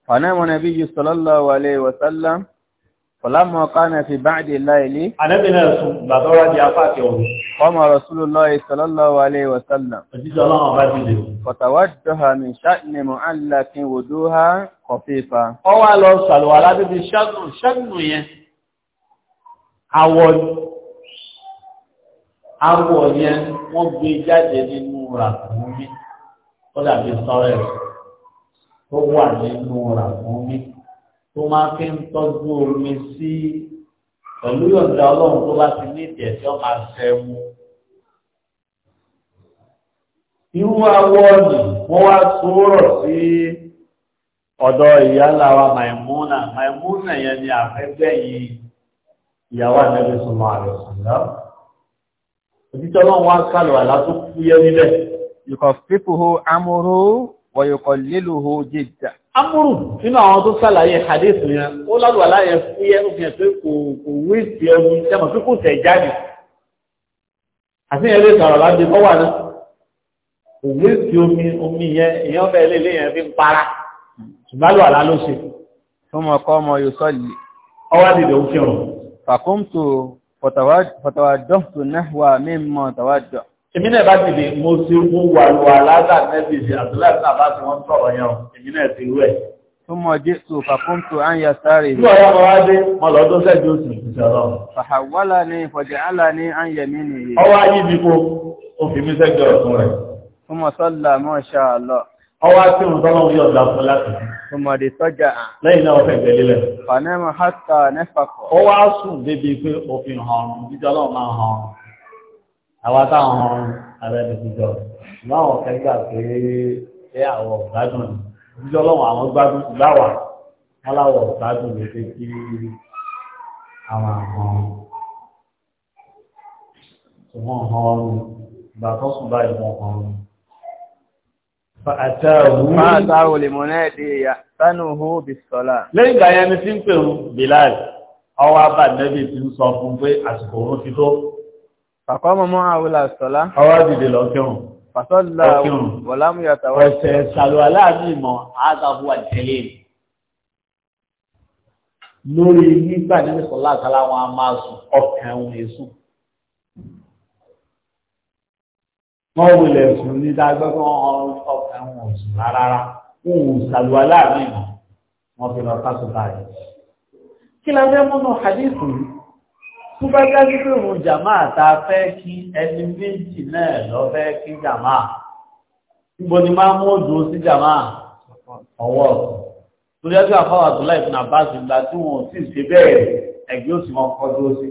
fanama nabiyyu sallallahu alayhi wa sallam falamma kana fi ba'di al-layli. ànábì náà sùn gbàdọ́rà di apá àti ọ̀run. qama rasulullahi sallallahu alayhi wa sallam. òjijì ọlọ́run bá dìde. fatawaddaha min sha'ni mu'allakin wuduha khafifa. ọ wá lọ sàlùwà yẹn. wọ́n gbé jáde nínú ràkúnmí ó dàbí sọ́rẹ́ tó wà nínú ràkúnmí tó máa fi ń tọ́jú omi sí pẹ̀lú yọ̀ǹda ọlọ́run tó bá ti ní ìdẹ̀ tí wọ́n máa fẹ́ mu. irú awọ ni wọ́n wá sọ̀rọ̀ sí ọ̀dọ̀ ìyáàlá wa Maimuna Maimuna yẹn ni àfẹ́gbẹ́ ìyàwó ànábì sọ̀rọ̀ àrẹ̀ sọ̀rọ̀. òtítọ́ náà wá kálọ̀ àlá tó kú yẹ níbẹ̀. because people who amúrú wọ̀yọ̀kọ̀ lílùú jìjà. amúrù nínú àwọn tó sàlàyé hadith yẹn ó lálùwà láyé fúyẹ́ ó fi hàn pé kò kò wí sí ẹmu sẹ́mọ̀ pé kò tẹ̀ jáde àfihàn eré sọ̀rọ̀ láti kọ́ wà ní òwe ti omi omi yẹn èèyàn bẹ́ẹ̀ lé léèyàn fi ń para ṣùgbọ́n àlọ́ àlá ló ṣe. fún ọkọ ọmọ yóò sọ lè. ọwọ́ àti ìdòwú fi fàkóńtò fọ̀tàwádọ́ èmi náà bá dìde mo ti mú wàlúwà ládà nẹ́bí ìṣe àdúrà náà bá ti wọ́n sọ̀rọ̀ yẹn o èmi náà ti rú ẹ̀. túmọ̀ jésù fàkóńtò àyà sáré. bí ọ̀rẹ́ ọmọ wa dé mo lọ tó sẹ́jú oṣù ìṣọ̀rọ̀. fàhàwálà ni ìfọ̀jẹ̀ àlà ni àyè mi nìyí. ọwọ́ ayé mi kó o fi mí sẹ́gbẹ̀ ọ̀tún rẹ̀. túmọ̀ sọ́là mọ́ ṣá lọ. ọwọ́ tí mo tọ́ lọ́wọ́ yọ̀ọ̀dà fún sọ́jà. lẹ́yìn náà ọ̀fẹ́ ìgbẹ́lélẹ̀. fanẹ́mu hàtà nẹ́fàkọ̀. ọwọ́ á sùn débi pé òfin hàn jíjọ́ máa hàn àwa táwọn ara ẹni ti jọ ṣùgbọ́n àwọn kan gbà pé ṣé àwọn ọ̀gbádùn ni jíjọ́ lọ́wọ́ àwọn gbádùn láwà wọn láwọ̀ ọ̀gbádùn ló ṣe kí àwọn àwọn ṣùgbọ́n hàn ọrùn ìgbà tó sùn báyìí wọn hàn ọrùn. Fàtàwù lèmọ́nẹ́ẹ̀dì yàtánùhù bìsọ́lá. Lẹ́yìn ìgbà yẹn ni tí ń pèrún Bilal, ọwọ́ abàdínẹ́bì ti ń sọ fún pé àsìkò òun ti tó Fàkọ́mọ̀ mọ́ àwòlà sọ́lá. Ọwọ́ dìde lọ kírun. Fàsọ́lá wọ̀lámù yàtà wọ́n. Ọ̀sẹ̀ ṣàlùwà láàbí ìmọ̀ àtàkùn àtẹ̀lé. Lórí nígbà nínú sọ̀lá àtàlà wọn a máa sùn ọkàn òun èsùn. Wọ́n wulẹ̀ sùn ní dágbẹ́gbẹ́ ọkàn òun òsùn rárá. Wọ́n ò ṣàlùwà láàbí ìmọ̀. Wọ́n fi lọ sásùn báyìí. Kí la fẹ́ mọ́nà hadith yìí? tó bá dájú pé òun jàmá ta fẹ́ kí ẹni méjì náà lọ fẹ́ kí jàmá níbo ni máa mú òdùn sí jàmá ọwọ́ torí ẹjọ́ àfáwà tó láì fún àbáṣe ńlá tí wọn ò sì ṣe bẹ́ẹ̀ ẹgbẹ́ òsì wọn kọ́ dúró sí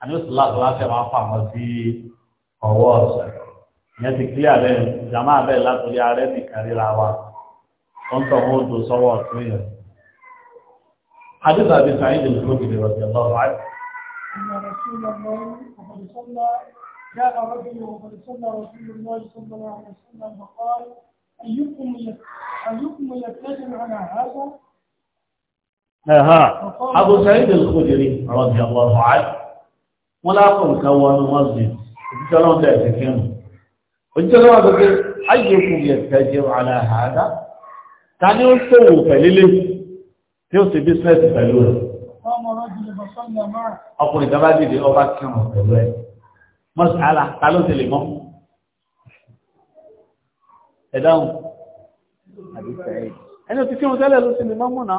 àní òsì láti láti máa fà wọn sí ọwọ́ ọ̀sẹ̀ ìyẹn ti kílíà bẹ́ẹ̀ jàmá bẹ́ẹ̀ látòrí ààrẹ nìkan ríra wa ó ń tọ̀ wọn sọ́wọ́ ọ̀tún yẹn. حديث أبي سعيد الخدري أن رسول الله وقد صلى جاء رجل وقد صلى رسول الله صلى الله عليه وسلم فقال أيكم أيكم يتكلم على هذا؟ ها أبو سعيد الخدري رضي الله عنه ملاقم كون مسجد جلون انت لو تقول أيكم يتجر على هذا؟ تاني وصوه فليلي تيوسي بسنة فلوه ọkùnrin kan bá dìde ọba kírun pẹ̀lú ẹ̀ mọ́sálà ta ló tẹ̀lé mọ́ ẹ dáhùn ẹni òtí kírun tẹ́lẹ̀ ló tẹ̀lé mọ́ múnà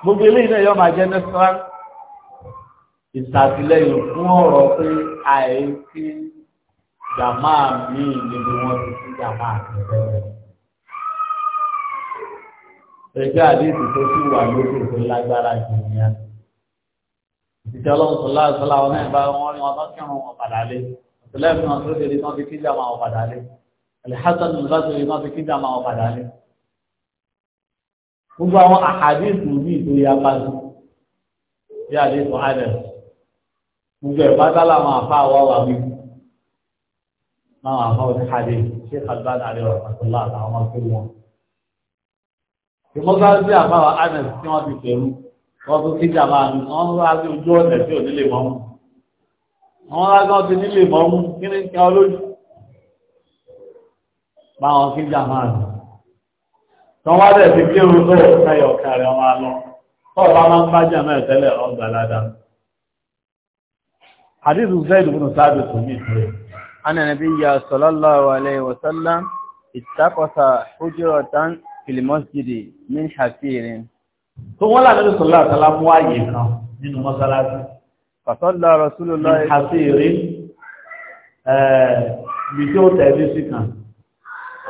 gbogbo eléyìí náà yọ máa jẹ́ nẹ́sán ìsàtìlẹ́yìn fún ọ̀rọ̀ pé àìsí jàmáà míì níbi wọ́n ti sí jàmáà tẹ̀lé ṣẹjọ́ àdéhùn tó sì wà lókè tó lágbára jù nìyẹn ìdíjọ́ ọlọ́run tó láàrín sọ́lá wọn náà bá wọn rí wọn tó kírun wọn padà lé ọ̀tọ̀lẹ́ fún wọn tó lè rí wọn fi kíjà máa wọn padà lé alhassan al-basri wọn fi kíjà máa wọn padà lé gbogbo àwọn àhàdéhùn bí ìtòyí apáṣẹ bí àdéhùn àdẹ̀ gbogbo ẹ̀ pátá làwọn àfa àwọn wà wí láwọn àfa òní àdéhùn ṣé kàlùbá náà rí ọ̀rọ̀ ìmọ̀sánsí àbáwá anes tí wọ́n ti fẹ̀rù wọ́n tún kíjà máa ní wọ́n ń wá sí ojú ọ̀nà tí ò nílé mọ́mú wọ́n wá sí wọ́n ti nílé mọ́mú kí ni kí wọ́n lójú báwọn kíjà máa ní. tó wá dẹ̀ ti kí irun tó ẹyọ kàrí ọmọ alọ tó ọba máa ń bá jà náà tẹ́lẹ̀ ọgbà ládàá. hadith zayd bin sábẹ̀ tó ní ìpínlẹ̀. anànàbí ya sallallahu alayhi filimọ́sìdì ní ṣàfihàn tó wọ́n láàrín sọ́lá àtàlá mú ààyè kan nínú mọ́sálásí fàtọ́lá rasulullah ní ṣàfihàn eh, ibi tí ó tẹ̀lé sí kan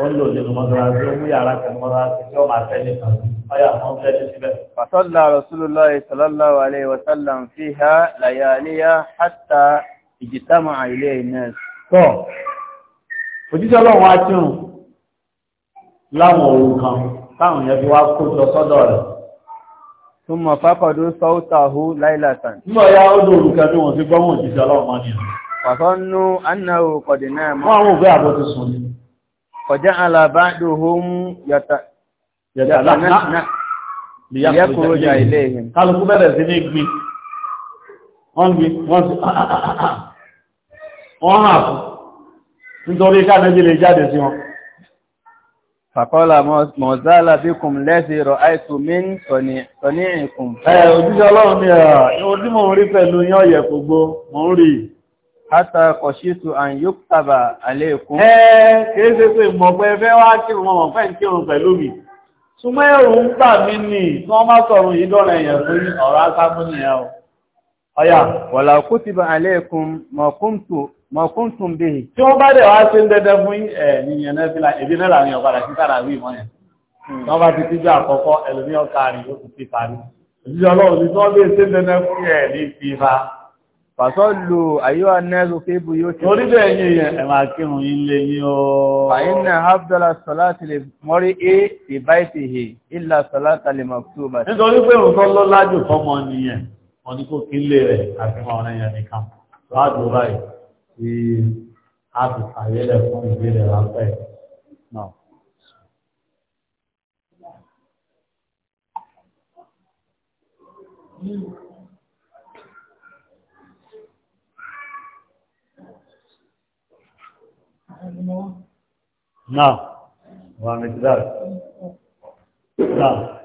ó ń lò nínú mọ́sálásí ó mú yàrá kan mọ́sálásí tí ó máa tẹ́lé kan ọyà mọ́ tẹ́lé síbẹ̀ fàtọ́lá rasulullah sallallahu alaihi wasallam fiha layaliya hatta ijtama ilé iná tọ́ òjíṣẹ́ ọlọ́run á tún láwọn òun kan táwọn yẹn fi wá kó jọ sọ́dọ̀ rẹ̀ túnmọ̀ fákọ̀dú sọ́ọ́tàhú láìlàtàn nígbà ya ó dò òrùkẹ́ ní wọ́n ti gbọ́mọ̀ òjíṣẹ́ ọlọ́ọ̀mọ́ ni pàtọ́nú annáwó kọ̀dínà mọ́ àwọn òbẹ́ àbọ́ ti sùn ní kọjá alábádùhún yàtà yàkúrójà ilé ìhìn kálukú bẹ̀rẹ̀ sí ní gbí wọ́n gbí wọ́n sí [coughs] wọ́n hàn nítorí ká Fàkọ́lá mọ̀zálà bí kùn lẹ́sì rọ̀ àìsù mín sọ̀ní ìkùn. Ẹ òjíṣẹ́ ọlọ́run ni ẹ̀ ìwọ̀n tí mò ń rí pẹ̀lú yán yẹ̀ gbogbo, mò ń rí. Hátà kọ̀ṣítù àn yóò tàbà àléèkún. Ẹ kìí ṣe pé mọ̀ pé fẹ́ wá kí wọn mọ̀ fẹ́ kí wọn pẹ̀lú mi mọ̀kún tún bí i. tí wọ́n bá dẹ̀ wá sí dẹ́dẹ́ fún ẹ̀yìn ẹ̀nẹ́fìlà ìbínú làwọn ọ̀padà sí sára wí mọ́ yẹn hmm. tí wọ́n bá ti tíjú àkọ́kọ́ ẹlòmí ọ̀kàrí ó ti fi parí òjijì ọlọ́run ní tí wọ́n bẹ́ẹ̀ sí dẹ́dẹ́ fún ẹ̀ ní fi fa. pàṣọ lu àyíwá nẹ́ẹ̀sù kébù yóò ti. torí bẹ́ẹ̀ yín yẹn ẹ̀ máa kírun yín lé yín o. àyínà abdullah salati lè mọ́rí é ìbáìtì hè ìlà salata lè mọ̀kútùbà. nítorí pé òun ni kò kí tí a ti fàyẹ́lẹ̀ fún ìbéèrè ráńpẹ́ náà. Now, one is that. Now.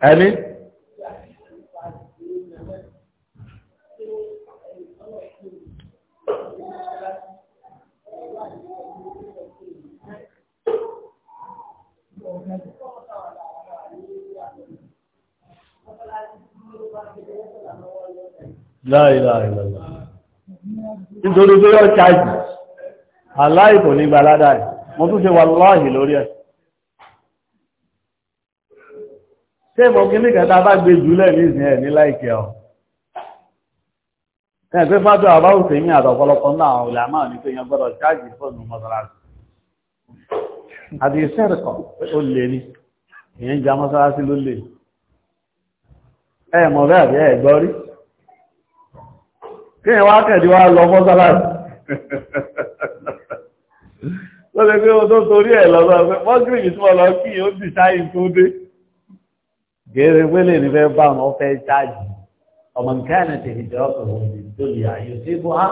ẹni. láìláìlọ́lá nítorí pé ó ṣáàjì aláìkò ní gbaládà mo tún ṣe wà láàyè lórí ẹ̀ ṣé ìmọ̀ kíní kan tá a bá gbé jùlẹ̀ ní ìsìn ẹ̀ ní láìkẹ́ ọ. ẹ pé fádùn àbáwò tèmi àtọ̀pọ̀lọpọ̀ náà àwọn ìlànà náà ní pé yan gbọ́dọ̀ ṣáàjì fóònù mọ́sálásí. àti iṣẹ́ rẹ̀ kọ̀ ó lè ní ìyẹn já mọ́sálásí ló lè. ẹ mọ̀ bẹ́ẹ̀ bí ẹ gbọ́ rí. kéèyàn wá kẹ̀dí wá lọ mọ́sálásí lọ́dẹ̀ pé o tó torí ẹ̀ lọ́dọ̀ pé gẹ́rẹ́ wẹ́lẹ̀ ní fẹ́ bá wọn fẹ́ jáàjì ọmọ nǹkan ẹ̀ tẹ̀lé jọ ọ̀rọ̀ ìdólì ààyò sí bó ha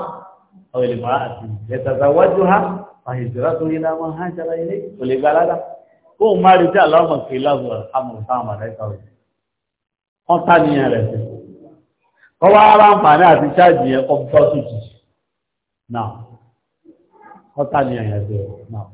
ọ̀rọ̀ ìlú àti ìjẹtàtà wájú ha àyèjọra tó yẹ láwọn ha jára ilé kò lè gba alága kó o má rí tí àlọ́mọ̀ kì í lọ́sọ̀ àmọ̀ táwọn àdáyé sọ̀rọ̀ wọ́n tá níyàn rẹ̀ sí kọ́ wá ara ń pàdé àti jáàjì yẹn kọ́ bí náà wọ́n tá níyàn rẹ̀ sí náà.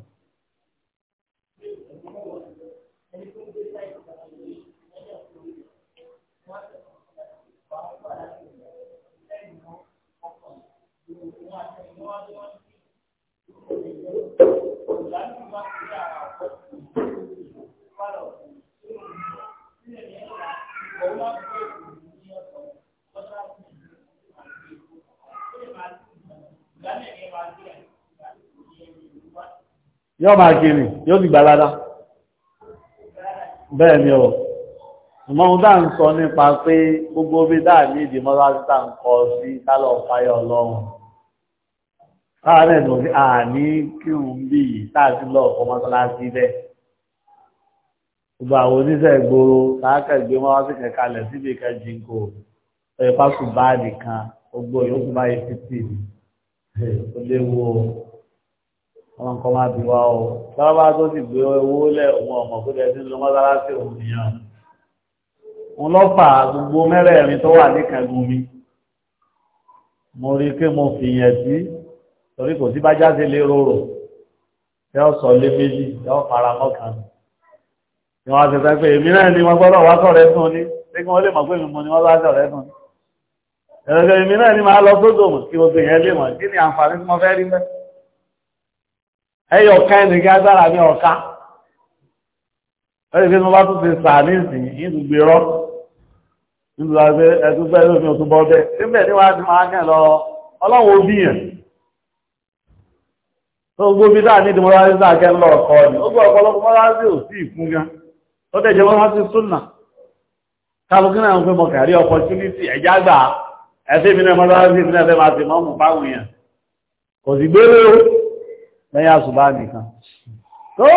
yóò máa kiri yóò ti gbàládá bẹ́ẹ̀ ni ọ̀ ọmọ ohun dáa ń sọ nípa pé gbogbo bí dáa ní ìdí mọ́lá títà ń kọ sí tálọ̀ fáyọ̀ ọlọ́run káàárẹ̀ lọ sí àní kírun bí yìí táàtì lọ ọ̀pọ̀ mọ́sálásí bẹ́ẹ̀. gbogbo àwọn oníṣẹ́ ìgboro láákàgbé wọn wá sí kẹkalẹ̀ síbi kan jíǹkò ọyọ pásù báàdì kan gbogbo yòókù báyìí títì ó léwu o wọn kọ́ máa bí wa o sábà tó sì gbé owó lẹ̀ òun ọmọ kó lẹ́sí lọ mọ́sálásí òun nìyàn. òun lọ́fà gbogbo mẹ́rẹ̀ẹ̀rin tó wà níkàgbọ́n mi mo rí i pé mo fìyàn sí torí kò sí bá jáde lé rorò yọ sọ lé méjì yọ fara mọ́kàn ni wọ́n pé èmi náà ni wọ́n gbọ́dọ̀ wá sọ̀rọ̀ ẹ̀sùn ní pé kí wọ́n lè mọ̀ pé mi mọ̀ ni wọ́n bá sọ̀rọ̀ ẹ̀sùn ní. ẹ̀rọ̀gẹ̀ èmi náà ni màá lọ sódò mọ̀ kí gbogbo yẹn lè mọ̀ kí ni àǹfààní tí mo fẹ́ rí mẹ́. ẹyọ ọ̀ka ẹni kí agbára mi ọ̀ka ẹni pé mo bá tún ti sà ní ìsìn ìdùgbé rọ́ ìdùgbé ẹtúgbẹ́ lómi òtúbọ̀ gbogbo bí dáa ní ìdímọ́lárí sáàkẹ́ lọ ọ̀kọ́ ni ó gbọ́ ọ̀pọ̀lọpọ̀ mọ́lárí ò sí ìkún gan ó tẹ̀jẹ́ mọ́lá sí súnà kálukú náà ń pẹ́ mọ̀ kàrí opportunity ẹ̀já gbà ẹ̀fẹ́ mi náà mọ́lárí sí ìpínlẹ̀ fẹ́ máa ti mọ́ mú báwọn èèyàn kò sì gbéré o lẹ́yìn àṣùbá nìkan tó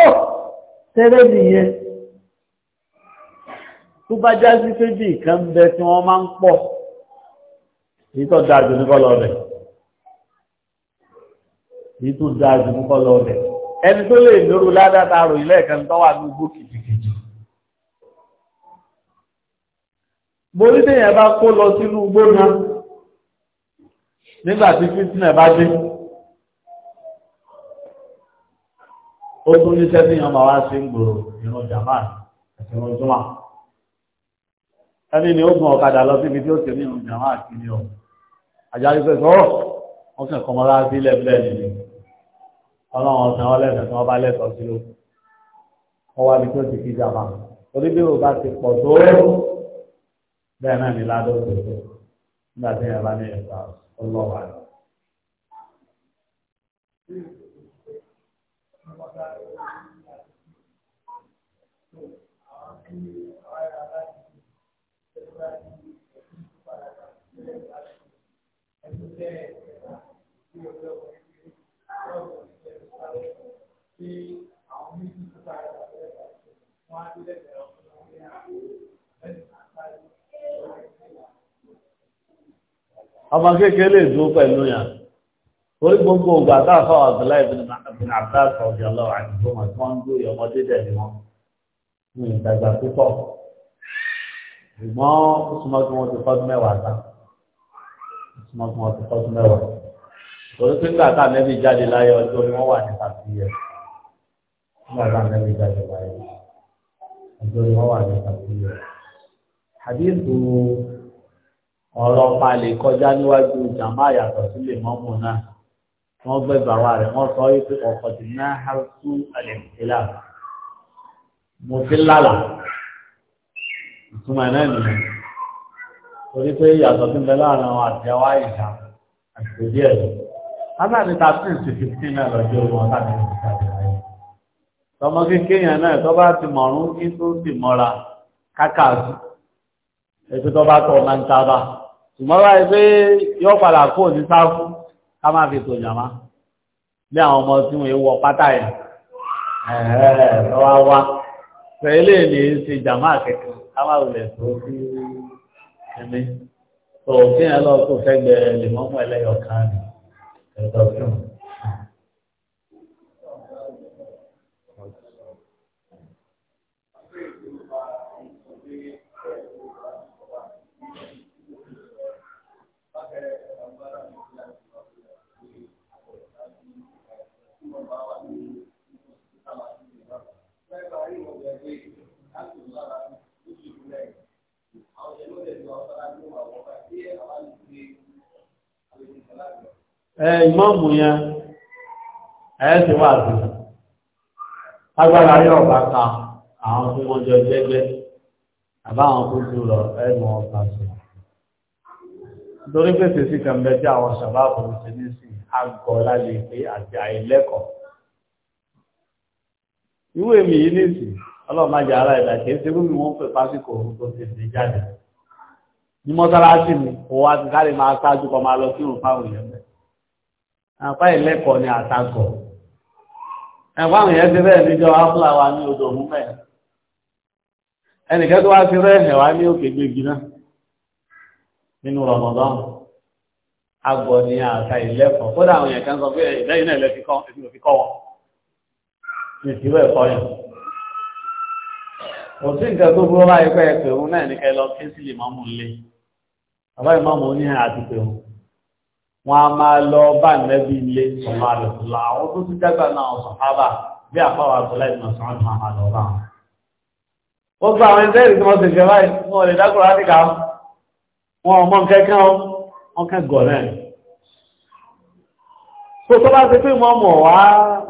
tẹ́lẹ̀ nìyẹn tó bá já sí pé bí ìkan bẹ tí wọ́n máa ń pọ̀ èyí tó ní kọ́lọ́ èyí tó dáa jù kọ́ lọ rẹ̀ ẹni tó lè lóru ládàtà rò ilé ẹ̀kan tó wà ní igbó kìtìkìtì borí téèyàn bá kó lọ sínú igbó náà nígbà tí fítínà bá dé ó tún ní sẹ́fìyàn máa wá sí gbòòrò ìran jaman àti ìran jùmọ̀ ẹni ni ó gun ọ̀kadà lọ síbi tí ó ti ní ìran jaman àti ìran àjálù pẹ̀sọ́ ọ̀sẹ̀ kọmọlá sílẹ̀ bẹ́ẹ̀ nìyí ọlọ́run ọ̀sán ọlẹ́sẹ̀ tí wọ́n bá lẹ́tọ̀ọ́ sí ló wọ́n wá bí tó ti fi jàmá torí bí o bá ti pọ̀ tó bẹ́ẹ̀ náà ní ládọ́ tó tó nígbà tí yẹn ní ẹ̀fà ọlọ́wà rẹ̀. Thank you tí àwọn méjì tó bá yẹ kó lè ṣe wọn á délé bẹ̀rẹ̀ ọkùnrin wọn ní àwọn ẹni máa sáré ọmọ kékeré lè dúró pẹ̀lú yàn orí gbogbo ògbà tá a fọ Abdullahi bin Abbas ọ̀dì ọlọ́wà àti tó máa tí wọ́n ń gbé ọmọdé dẹ̀ ni wọ́n ní ìdàgbà púpọ̀ ṣùgbọ́n ó súnmọ́ kí wọ́n ti fọ́dún mẹ́wàá tán ó súnmọ́ kí wọ́n ti fọ́dún mẹ́wàá torí pé nígbà tá a nẹ́bí jáde láyé ọjọ́ ni wọ́n wà nípa sí yẹn nígbà tá à ń lẹ́nu ìjà ìjọba yìí ọjọ́ ni wọ́n wà ní ìtàkùnlẹ̀. àdéhùn ọ̀rọ̀ palẹ̀ kọjá níwájú jàmbá yàtọ̀ sílẹ̀ mọ́mù náà wọ́n gbé bàwá rẹ̀ wọ́n sọ wípé ọkọ̀ ti ná hásù àlẹ́mùsílà mo ti lálà ìtumọ̀ náà nìyẹn torí pé ìyàtọ̀ tó ń bẹ láàrin àwọn àti ìjà àti òdí ẹ̀rọ. látàrí ta sí ìsìnkú sí náà lọ́jọ́ wọn láti ìsìn tọmọ kékeré náà tó bá ti mọ̀rún kí tó sì mọ́ra kákàtú ètò tó bá tọ̀ máa ń sábà ṣùgbọ́n báyìí pé yọ padà kó ní sáfù ká má fi tòyàn má bí àwọn ọmọ tí wọn wọ pátá yẹn ẹ̀ẹ́ lọ́wọ́ wá pẹ̀lẹ́ ní í ṣe jàmá kẹ̀kẹ́ ká má wulẹ̀ tó sí ẹ̀mí tó kí yẹn lọ kó fẹ́ gbẹ lè ẹlẹ́yọ̀ kan ní ẹ̀tọ́ fún un. ẹ ìmọ̀mù yẹn ẹ ti wà sí agbára yóò bá ka àwọn tí wọ́n jọ jẹ́jẹ́ àbáwọn tó tó lọ ẹ mọ̀ ọ̀gá sí i torí pé tèsí kan bẹ tí àwọn ṣàbáàbò ti ní sí àgọ́ lálẹ́ pé àti àìlẹ́kọ̀ọ́ ìwé mi yìí nìsí ọlọ́mọdé ara ìdàkẹ́ ṣe gómìnà wọn pè pásíkò orúkọ tètè jáde ní mọ́sálásí ni kò wá ti káre máa ṣáájú kọ máa lọ sí òun fáwọn èèyàn bẹ́ẹ̀. àpá ìlẹ́kọ̀ọ́ ni àtakọ̀ ẹ̀fọ́ àwọn èèyàn ti bẹ́ẹ̀ níjọ áfúlà wa ní odò òun bẹ́ẹ̀ ẹnìkan tó wá ti rẹ́ ẹ̀hẹ̀ wá ní òkè gbégi náà nínú Ramadan agbọ̀ ni àta ìlẹ́kọ̀ọ́ kódà àwọn èèyàn kan sọ pé ìlẹ́yìn náà lẹ́fikọ́ ìfikọ́ wọn ìsìwẹ̀ ẹ̀kọ́ yẹn òtún nǹkan tó burú láìpẹ́ ẹ̀pẹ̀ òun náà ní bàbá ìmáàmù ní àti pé wọn wọn a máa lọ bá nẹ́bí ilé sọ̀rọ̀ àlùfùlà àwọn tó ti dẹ́gbà náà sọ̀hábà bí àpáwà àtọ́lá ìmọ̀ sọ̀rọ̀ àmà àlọ́ bá wọn. ó gba àwọn ẹgbẹ́ ìrìn tí wọ́n ti jẹ báyìí wọn ò lè dákùrọ̀ áfíríkà wọn ò mọ kẹ́kẹ́ wọn kẹ́ gọ̀ náà. tó tó bá ti pé wọn mọ̀ wá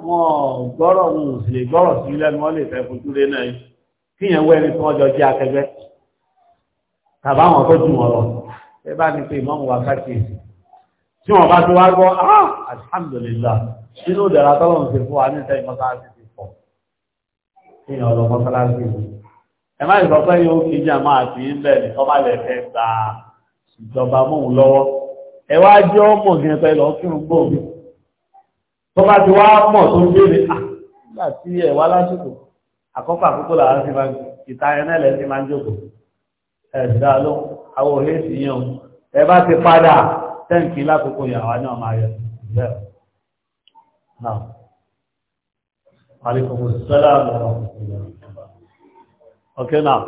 wọn gbọ́rọ̀ wọn ò sì lè gbọ́rọ̀ sí lẹ́nu wọn lè fẹ́ fojú lé náà kíyàn wẹ́ni tí wọ́n jọ jẹ́ akẹgbẹ́ tàbáwọn tó jù wọn lọ ẹ bá ní pé ìmọ̀mù wa káàkiri tí wọ́n bá tó wá gbọ́ ah alhamdulillah nínú ìdára tọ́lọ̀ ń ṣe fún wa níta ìmọ̀sáàsì ti pọ̀ ìyàn ọ̀rọ̀ mọ́sálásì ẹ má ìsọ pé yóò fi jà máa fi ń bẹ̀ ní tọ́ba lẹ̀ fẹ́ gba ìjọba mọ́hùn lọ́wọ́ ẹ wá jẹ́ ọmọ gẹ̀ẹ́ pẹ́ lọ kírun gbòòrò tọ́ba ti wá mọ̀ tó ń béèrè ah, nígbà tí ẹ̀ wá lásìkò àkọ́kọ́ àkókò làwọn ti máa ìta ẹ̀ náà lẹ́ àwọn òlé sí yàn ẹ bá ti padà tẹ́ǹkì lákòókò yàwá náà máa yẹ bẹ́ẹ̀ náà alaikum salam wa rahmatullahi okay now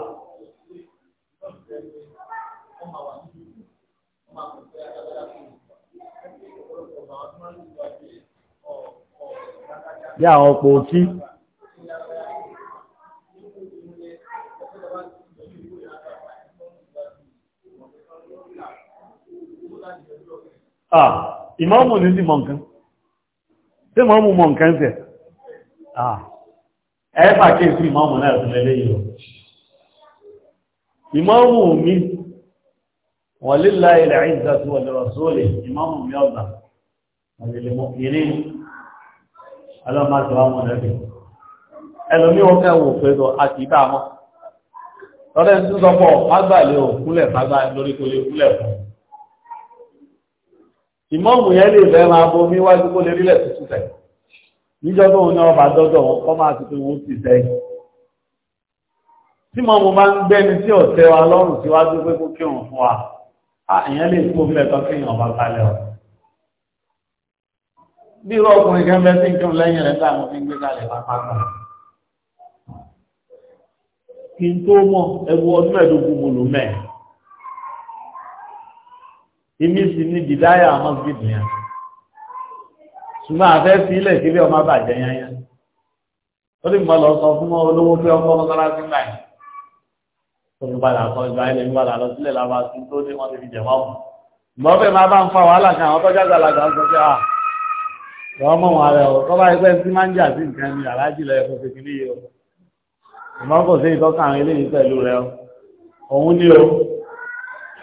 bí àwọn ọ̀pọ̀ òkí ah ìmọ́mù ní sí mọ̀ǹkan tí mọ́mù mọ̀ǹkan tẹ̀ ah ẹ́fà kí sí ìmọ́mù náà tún lẹ́lẹ́ yìí lọ ìmọ́mù mi walillahi al-izzatu wa li rasulihi ìmọ́mù mi ọgbà àlèlèmọ́kìnrin alọ́mọ́sọ̀wọ́ mọ̀lẹ́bí ẹlòmí wọn kẹ́ wò pé àti ìbá ìmọ̀ọ̀mù yẹn lè fẹ́ máa bo omi wájú kó lè rí lẹ̀ tuntun tẹ̀ níjọba òun ní ọba dọ́dọ̀ wọn kọ́ máa tuntun wọn ti sẹ́yìn tí mọ̀ọ̀mù bá ń gbẹ́ni tí ọ̀tẹ̀ wa lọ́rùn síwájú pé kó kírun fún wa àyàn lè kó mílẹ̀ tán kéèyàn ọba balẹ̀ ọ̀ bí irú ọkùnrin kan bẹ tí ń kírun lẹ́yìn rẹ̀ dáa mo fi ń gbé kalẹ̀ pápákọ̀ kí n tó mọ̀ ẹwu ọdún mẹ́ẹ̀ẹ́dógún mo lò mẹ́ẹ̀ẹ́ èmi sì ní bìdáyà mọ́sídìí yẹn ṣùgbọ́n àfẹ́ fi ilẹ̀ kí bí ọmọ bàjẹ́ yẹn yẹn ó lè mọ lọ sọ fún olówó pé ọkọ mọ́sálásí ńlá yìí tó fi padà sọ ìgbà ilẹ̀ ń padà lọ sílẹ̀ lábá sí tó ní wọ́n ti fi jẹ̀mọ́ mọ́ ìgbà ọbẹ̀ máa bá ń fa wàhálà kan àwọn tọ́jà gbàlagbà ń sọ pé à ah, wọ́n mọ̀ wọn rẹ̀ o tọ́ba ẹgbẹ́ sí máa ń jà sí nǹkan ní aláàjì lọ ẹ̀fọ́ ṣe kìíní yìí o ìmọ̀ kò sí ìtọ́ka àwọn eléyìí pẹ̀lú rẹ̀ o òun ní o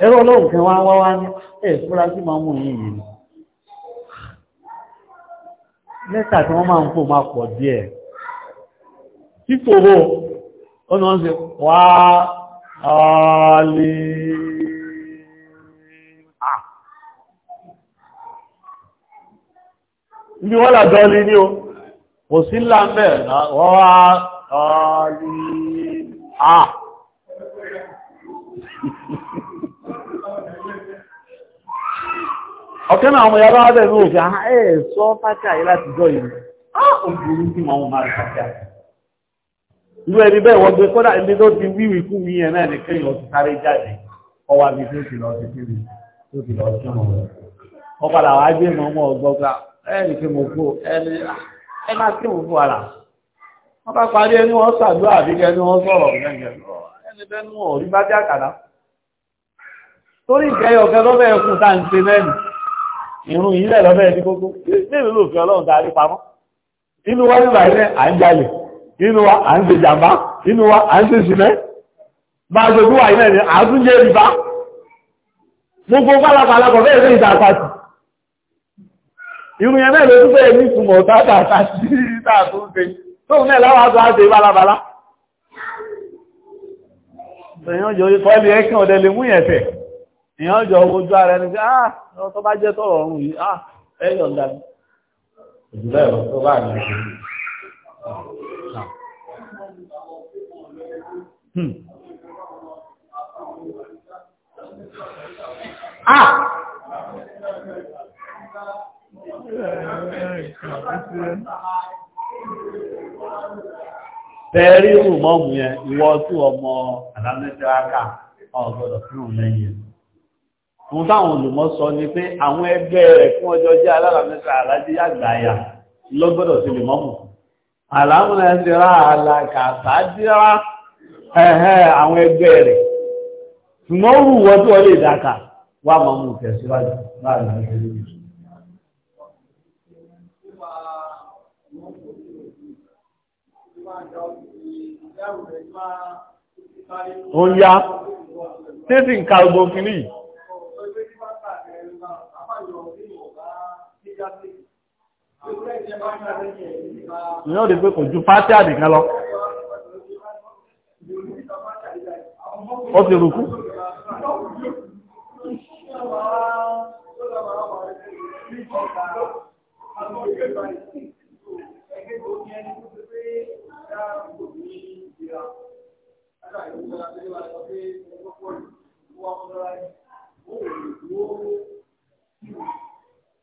ẹ̀rọ ọlọ́run kan wá wá wá ní ẹ̀ fúra sí máa mú yìí yìí lẹ́tà tí wọ́n máa ń fò máa pọ̀ díẹ̀ fífòrò ọ̀nà ń ṣe wá ààlè ibi wọ́n làjọ́ lè ní o kò sí ńlá mẹ́ wọ́n wá ààlè àà ọ̀kẹ́ náà ọmọ yàrá wábẹ̀ ní òfin àhá ẹ̀ sọ fátíà yìí láti jọ yìí ọdún tí wọ́n máa fátíà irú ẹni bẹ́ẹ̀ wọ́n gbé kọ́dà ilé tó ti wíwì kú wí ẹ̀ náà nìkan yóò ti sáré jáde ọwọ́ àbí tó ti lọ sí kiri tó ti lọ sí ọmọ rẹ̀ wọ́n padà wá gbé mọ́ ọmọ ọgbọ́gba ẹni tí mo kú ẹni ẹ ah, má kí mo fún ara wọ́n bá parí ẹni wọ́n ṣàdúrà àbí ẹni wọ́n sọ̀rọ̀ ẹni bẹ́ẹ̀ tá à irun yìí lẹ̀ lọ́fẹ́ ẹni kókó nílùú lòfin ọlọ́run darí pamọ́ inú wa nígbà yẹn à ń jalè inú wa à ń ṣe jàmbá inú wa à ń ṣe sinẹ́ bá a ṣojú wa yìí náà à ń tún jẹ́ ìbá gbogbo pálapàla kọ̀ fẹ́ẹ̀ fẹ́ ìta àpàtì irun yẹn náà ló tún ní ìtumọ̀ tààtà àti ìta tó tó bá jẹ́ tọ̀rọ̀ ọ̀run yìí ah ẹ̀yọ̀ ńlá mi. ìjùlọ ẹ̀rọ tó hmm. ah! yẹn, ìwọ tí ọmọ àlámẹ́tẹ́ráká ọgbọ́dọ̀ fún òun lẹ́yìn àwọn táwọn olùmọ̀ sọ ni pé àwọn ẹgbẹ́ rẹ̀ fún ọjọ́ jẹ́ aláràmẹ́ta àlájí àgbáyà lọ́gbọ́dọ̀ sí lè mọ́mù àlámùnẹ́sìrá alàkàtàdíra ẹ̀hẹ́ àwọn ẹgbẹ́ rẹ̀ ṣùgbọ́n wù wọ́n tí wọ́n lè dáka wà máa mú ń yá tẹ́sì ń ìyẹn ò lè pé kò ju pátí àdìkan lọ ó ti rùkú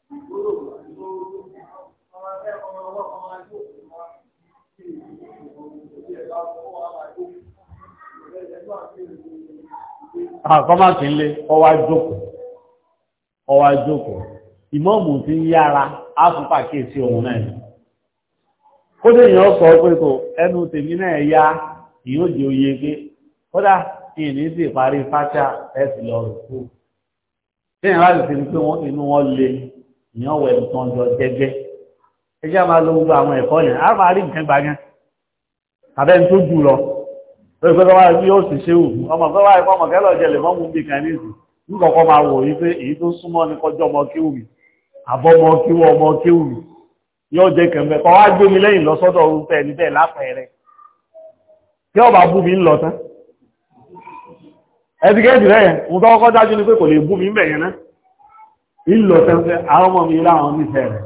Thank you àkọ́mọ̀tí ah, ń lé ọwá jókòó ọwá jókòó ìmọ́ọ̀mù tí ń yára á fún pàkíyèsí ohun náà ni kó tí èèyàn sọ pé kò ẹnu tèmi náà yá ìyóò jẹ oyè pé kódà ìní sì parí fáṣà ẹ̀sì lọ rẹ̀ kú tí èèyàn láti fi ni pé inú wọn le ìyàn wẹ̀ nǹkan jọ jẹ́gẹ́ ẹjẹ́ a máa lo gbogbo àwọn ẹ̀kọ́ yẹn a máa rí nǹkan gbagán abẹ́ni tó jù lọ lórí pé wá rí yóò sì ṣe òkú ọmọ pé wá ẹ̀kọ́ ọmọkẹ́ lọ jẹlẹ̀ mọ́mú bí kan ní ìsìn nígbàkọ́ máa wò yí pé èyí tó súnmọ́ ní kọjọ́ ọmọ kí wùmí àbọ̀ ọmọ kí wọ́ ọmọ kí wùmí yóò jẹ kẹ̀mẹ́ kọ́ wá gbé mi lẹ́yìn lọ sọ́dọ̀ orúkọ ẹni bẹ́ẹ̀ lápẹẹrẹ kí ọba bú mi ń lọ tán ẹtikẹ́ẹ̀tì rẹ̀ mo tọ́ kọ́ dájú ni pé kò lè bú mi ń náà ń lọ tán fẹ́ àwọn ọmọ mi láwọn nífẹ̀ẹ́ rẹ̀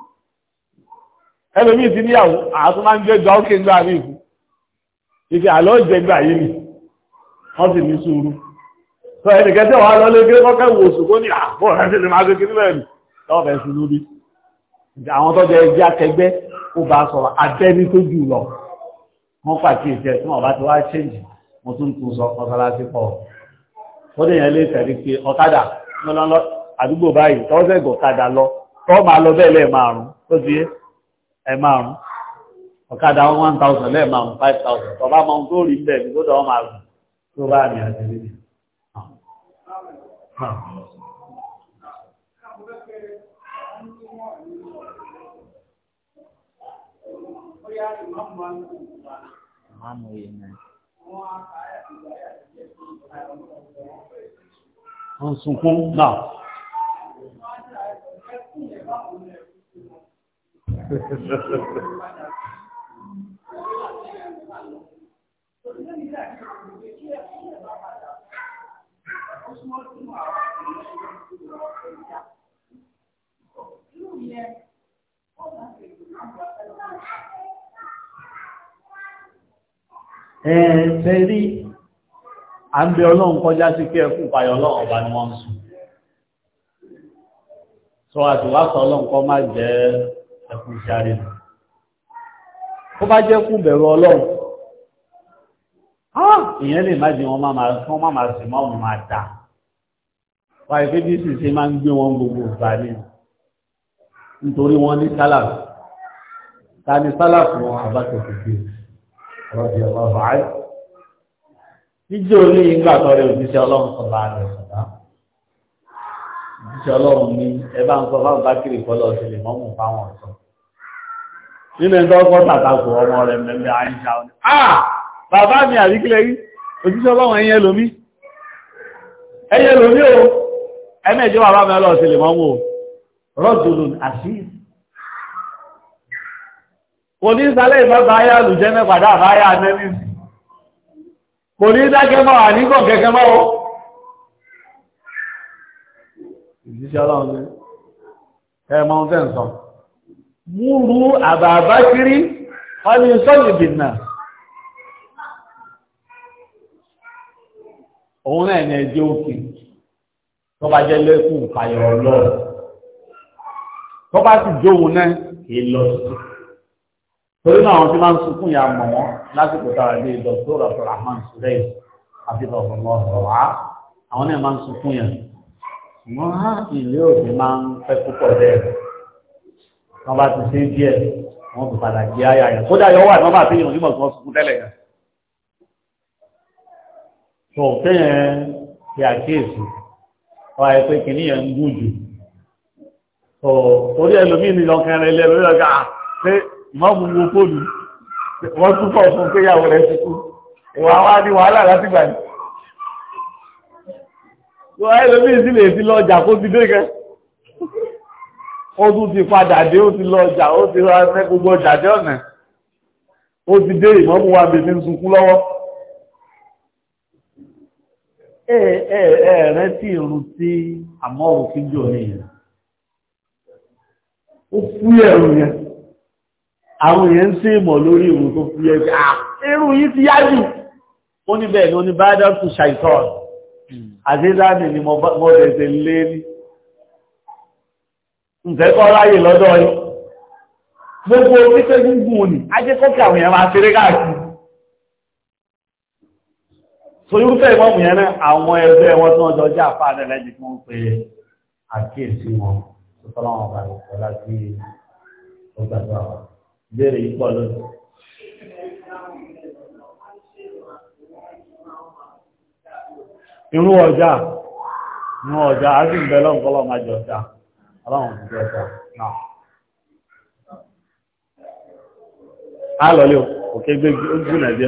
ẹlòmíì ti níyàwó àtún máa ń jẹ́ gba ókè ńgbà mí ìfún ìfẹ́ àlọ́ ìjẹgbà yìí ni wọ́n sì ní sùúrù sọ ẹnìkẹ́ tẹ́wọ́ á lọ lé gé kọ́kẹ́ wò sùn kó ní àbọ̀ ah, rẹ̀ sì lè máa gbé kiri lẹ́nu lọ́wọ́ bẹ̀ sí lórí àwọn tọ́jọ ẹgbẹ́ akẹgbẹ́ ó bá sọ̀rọ̀ abẹ́ni tó jù lọ wọ́n pàkíyèsí ẹ̀ tí wọ́n bá ti wá ṣèǹjì mo tún tún sọ mọ́sálásí pọ̀ ó dẹ̀ lé tẹ̀lé pé ọ̀kadà lọ́lọ́lọ́ àdúgbò báyìí tọ́sẹ̀gọ̀ ọ̀kadà lọ tọ́ máa lọ bẹ́ẹ̀ lẹ́ẹ̀ márùn-ún ó ti yé ẹ márùn ọ̀kadà wọn one thousand lẹ́ẹ̀ márùn five thousand tọ́ba mọ ohun tó rí ń bẹ̀ ní kó dọ̀wọ́ máa gùn tó bá mi àti rí mi. Ìmáàmù yìí náà ń sunkún náà. Ẹ̀ẹ̀ṣẹ́ rí, a ń bẹ ọlọ́run kọjá sí kí ẹkùn payọ ọlọ́run ọba ni wọ́n ń sùn. Sọ àtìwá ọlọ́run kọ máa jẹ́ ẹkú sáré nù ó bá jẹ́ kú bẹ̀rù ọlọ́run ìyẹn lè má jẹ wọn má máa sì máa máa dà wáyé pé bí sì ṣe máa ń gbé wọn gbogbo ìgbà ní nítorí wọn ní sálàfù ta ni sálàfù wọn àbátòkè bí rọ́bì ọlọ́run àyè níjẹ́ orí ìgbà tọrẹ òjíṣẹ́ ọlọ́run sọ̀rọ̀ àrẹ sọ̀rọ̀ òjíṣẹ́ ọlọ́run ní ẹ bá ń sọ fáwọn bá kiri kọ́ lọ sí mọ́mù fáwọn ọ̀sán nínú ẹ̀dọ́ ọkọ̀ tàtàkù ọmọ rẹ̀ mẹ́lẹ̀ àìṣà ọ̀nà àà bàbá mi àríkílẹ̀ rí òjíṣẹ́ ọlọ́run ẹ̀yẹ lómi ẹ̀yẹ lómi o ẹ̀mẹ́jọ bàbá mi ọlọ́ọ̀sẹ̀ lè mọ́mú o rọ́dùnù àṣí kò ní sálẹ̀ ìfẹ́fẹ́ ayá lùjẹ́ mẹ́pàdá àbáyá anẹ́mìs kò ní dákẹ́ mọ́ àníkàn kẹ́kẹ́ mọ́ o òjíṣẹ́ ọlọ́run ẹ̀ múrú àbàbá kiri wọ́n ni sọ́lù bìnnà òun náà ní ẹjọ́ òkè tó bá jẹ́ lẹ́kùn ìpayọ̀ ọlọ́run tó bá sì jó òun náà kì í lọ sí torí náà àwọn tí máa ń sunkún ìyá mọ̀ wọ́n lásìkò tára bíi dr abdulrahman sureis àfihàn ọ̀pọ̀lọpọ̀ ọ̀rọ̀ wá àwọn náà máa ń sunkún yẹn ṣùgbọ́n ìlú ah, òbí máa ń fẹ́ púpọ̀ bẹ́ẹ̀ wọ́n bá ti ṣe díẹ̀ wọ́n ti padà jẹ́ àyà yẹn kódà yọ wà nọ́mbà tí yìnyín mọ̀ tí wọ́n sunkún tẹ́lẹ̀ yẹn tó tẹ́yẹn ti àkíyèsí wọ́n àyè pé kìíní yẹn ń gùn jù tó torí ẹlòmíì ní lọ́kàn rẹ̀ lẹ́rọ yóò gà pé mọ́mú wo fóònù wọ́n tún pọ̀ fún péyàwó rẹ̀ ti kú ìwà wa ní wàhálà láti gbà ní. wọ́n ẹlòmíì sì lè kó ti dé kẹ́ ó tún ti padà dé ó ti lọ ọjà ó ti ra ẹgbẹ́ gbogbo ọjà dé ọ̀nà ó ti dé ìmọ̀mú wa bèbí ń sunkún lọ́wọ́ ẹ̀ẹ̀rẹ́ tí ìrùn tí àmọ́ òfin jò ní ìyẹn ó fúyẹ̀ ẹ̀rù yẹn àwọn èèyàn ń sí ìmọ̀ lórí ìrùn tó fúyẹ̀ jẹ́ àìrù yìí ti yá jù ó ní bẹ́ẹ̀ ni ó ní bá dá tù ṣàìtọ́ àdédáni ni mo bẹ̀rẹ̀ lé ní ǹjẹ́ kọ́ ráyè lọ́dọ̀ yìí gbogbo pípẹ́ gúngùn òní ajẹ́kọ́kẹ́ àwọn máa ṣeré káàkiri so irúfẹ́ ìmọ̀mù náà àwọn ẹgbẹ́ wọn tó ọjọ́ jẹ́ àfáàdẹ lẹ́jì fún pé àkíyèsí wọn tó tọ́lọ́wọ́n bá lè pọ̀ láti ọgbàdo àwọn ìbéèrè lónìí. irú ọjà irú ọjà á sì ń bẹ lọ́nkọ́lọ́ máa jẹ ọjà. ọlọ́run ti jẹ́ ẹ̀sọ́ náà. a lọ lé o òkè gbé gbé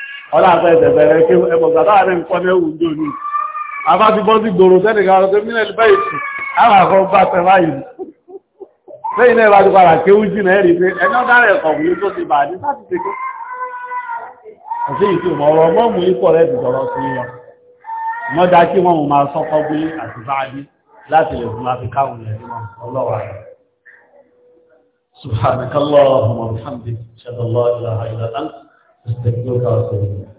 ọlọ́pàá ẹ̀sẹ̀ bẹ̀rẹ̀ kí ẹgbọ̀gbà láàrin nǹkan ẹwù ń dòní àbá ti bọ́ sí gbòòrò sẹ́nìkan ọ̀rọ̀ mílẹ̀ ní báyìí tù àwọn àkọ́ bá tẹ báyìí lẹ́yìn náà ìwádìí padà kéwú jìnà ẹ̀rí pé ẹni ọ̀dárẹ̀ ẹ̀kọ́ wù tó ti bà ní láti ṣe kó ọ̀sẹ̀ yìí tó mọ̀ ọ̀rọ̀ mọ́ mú ikọ̀ rẹ̀ ti sọ̀rọ̀ sí wọn wọ́n dá kí wọ́n máa sọ́kọ́ bí àti báyìí láti lè fún láti káwọn ilẹ̀ ọlọ́wà rẹ̀ subhanakallahumma 就是多告诉你。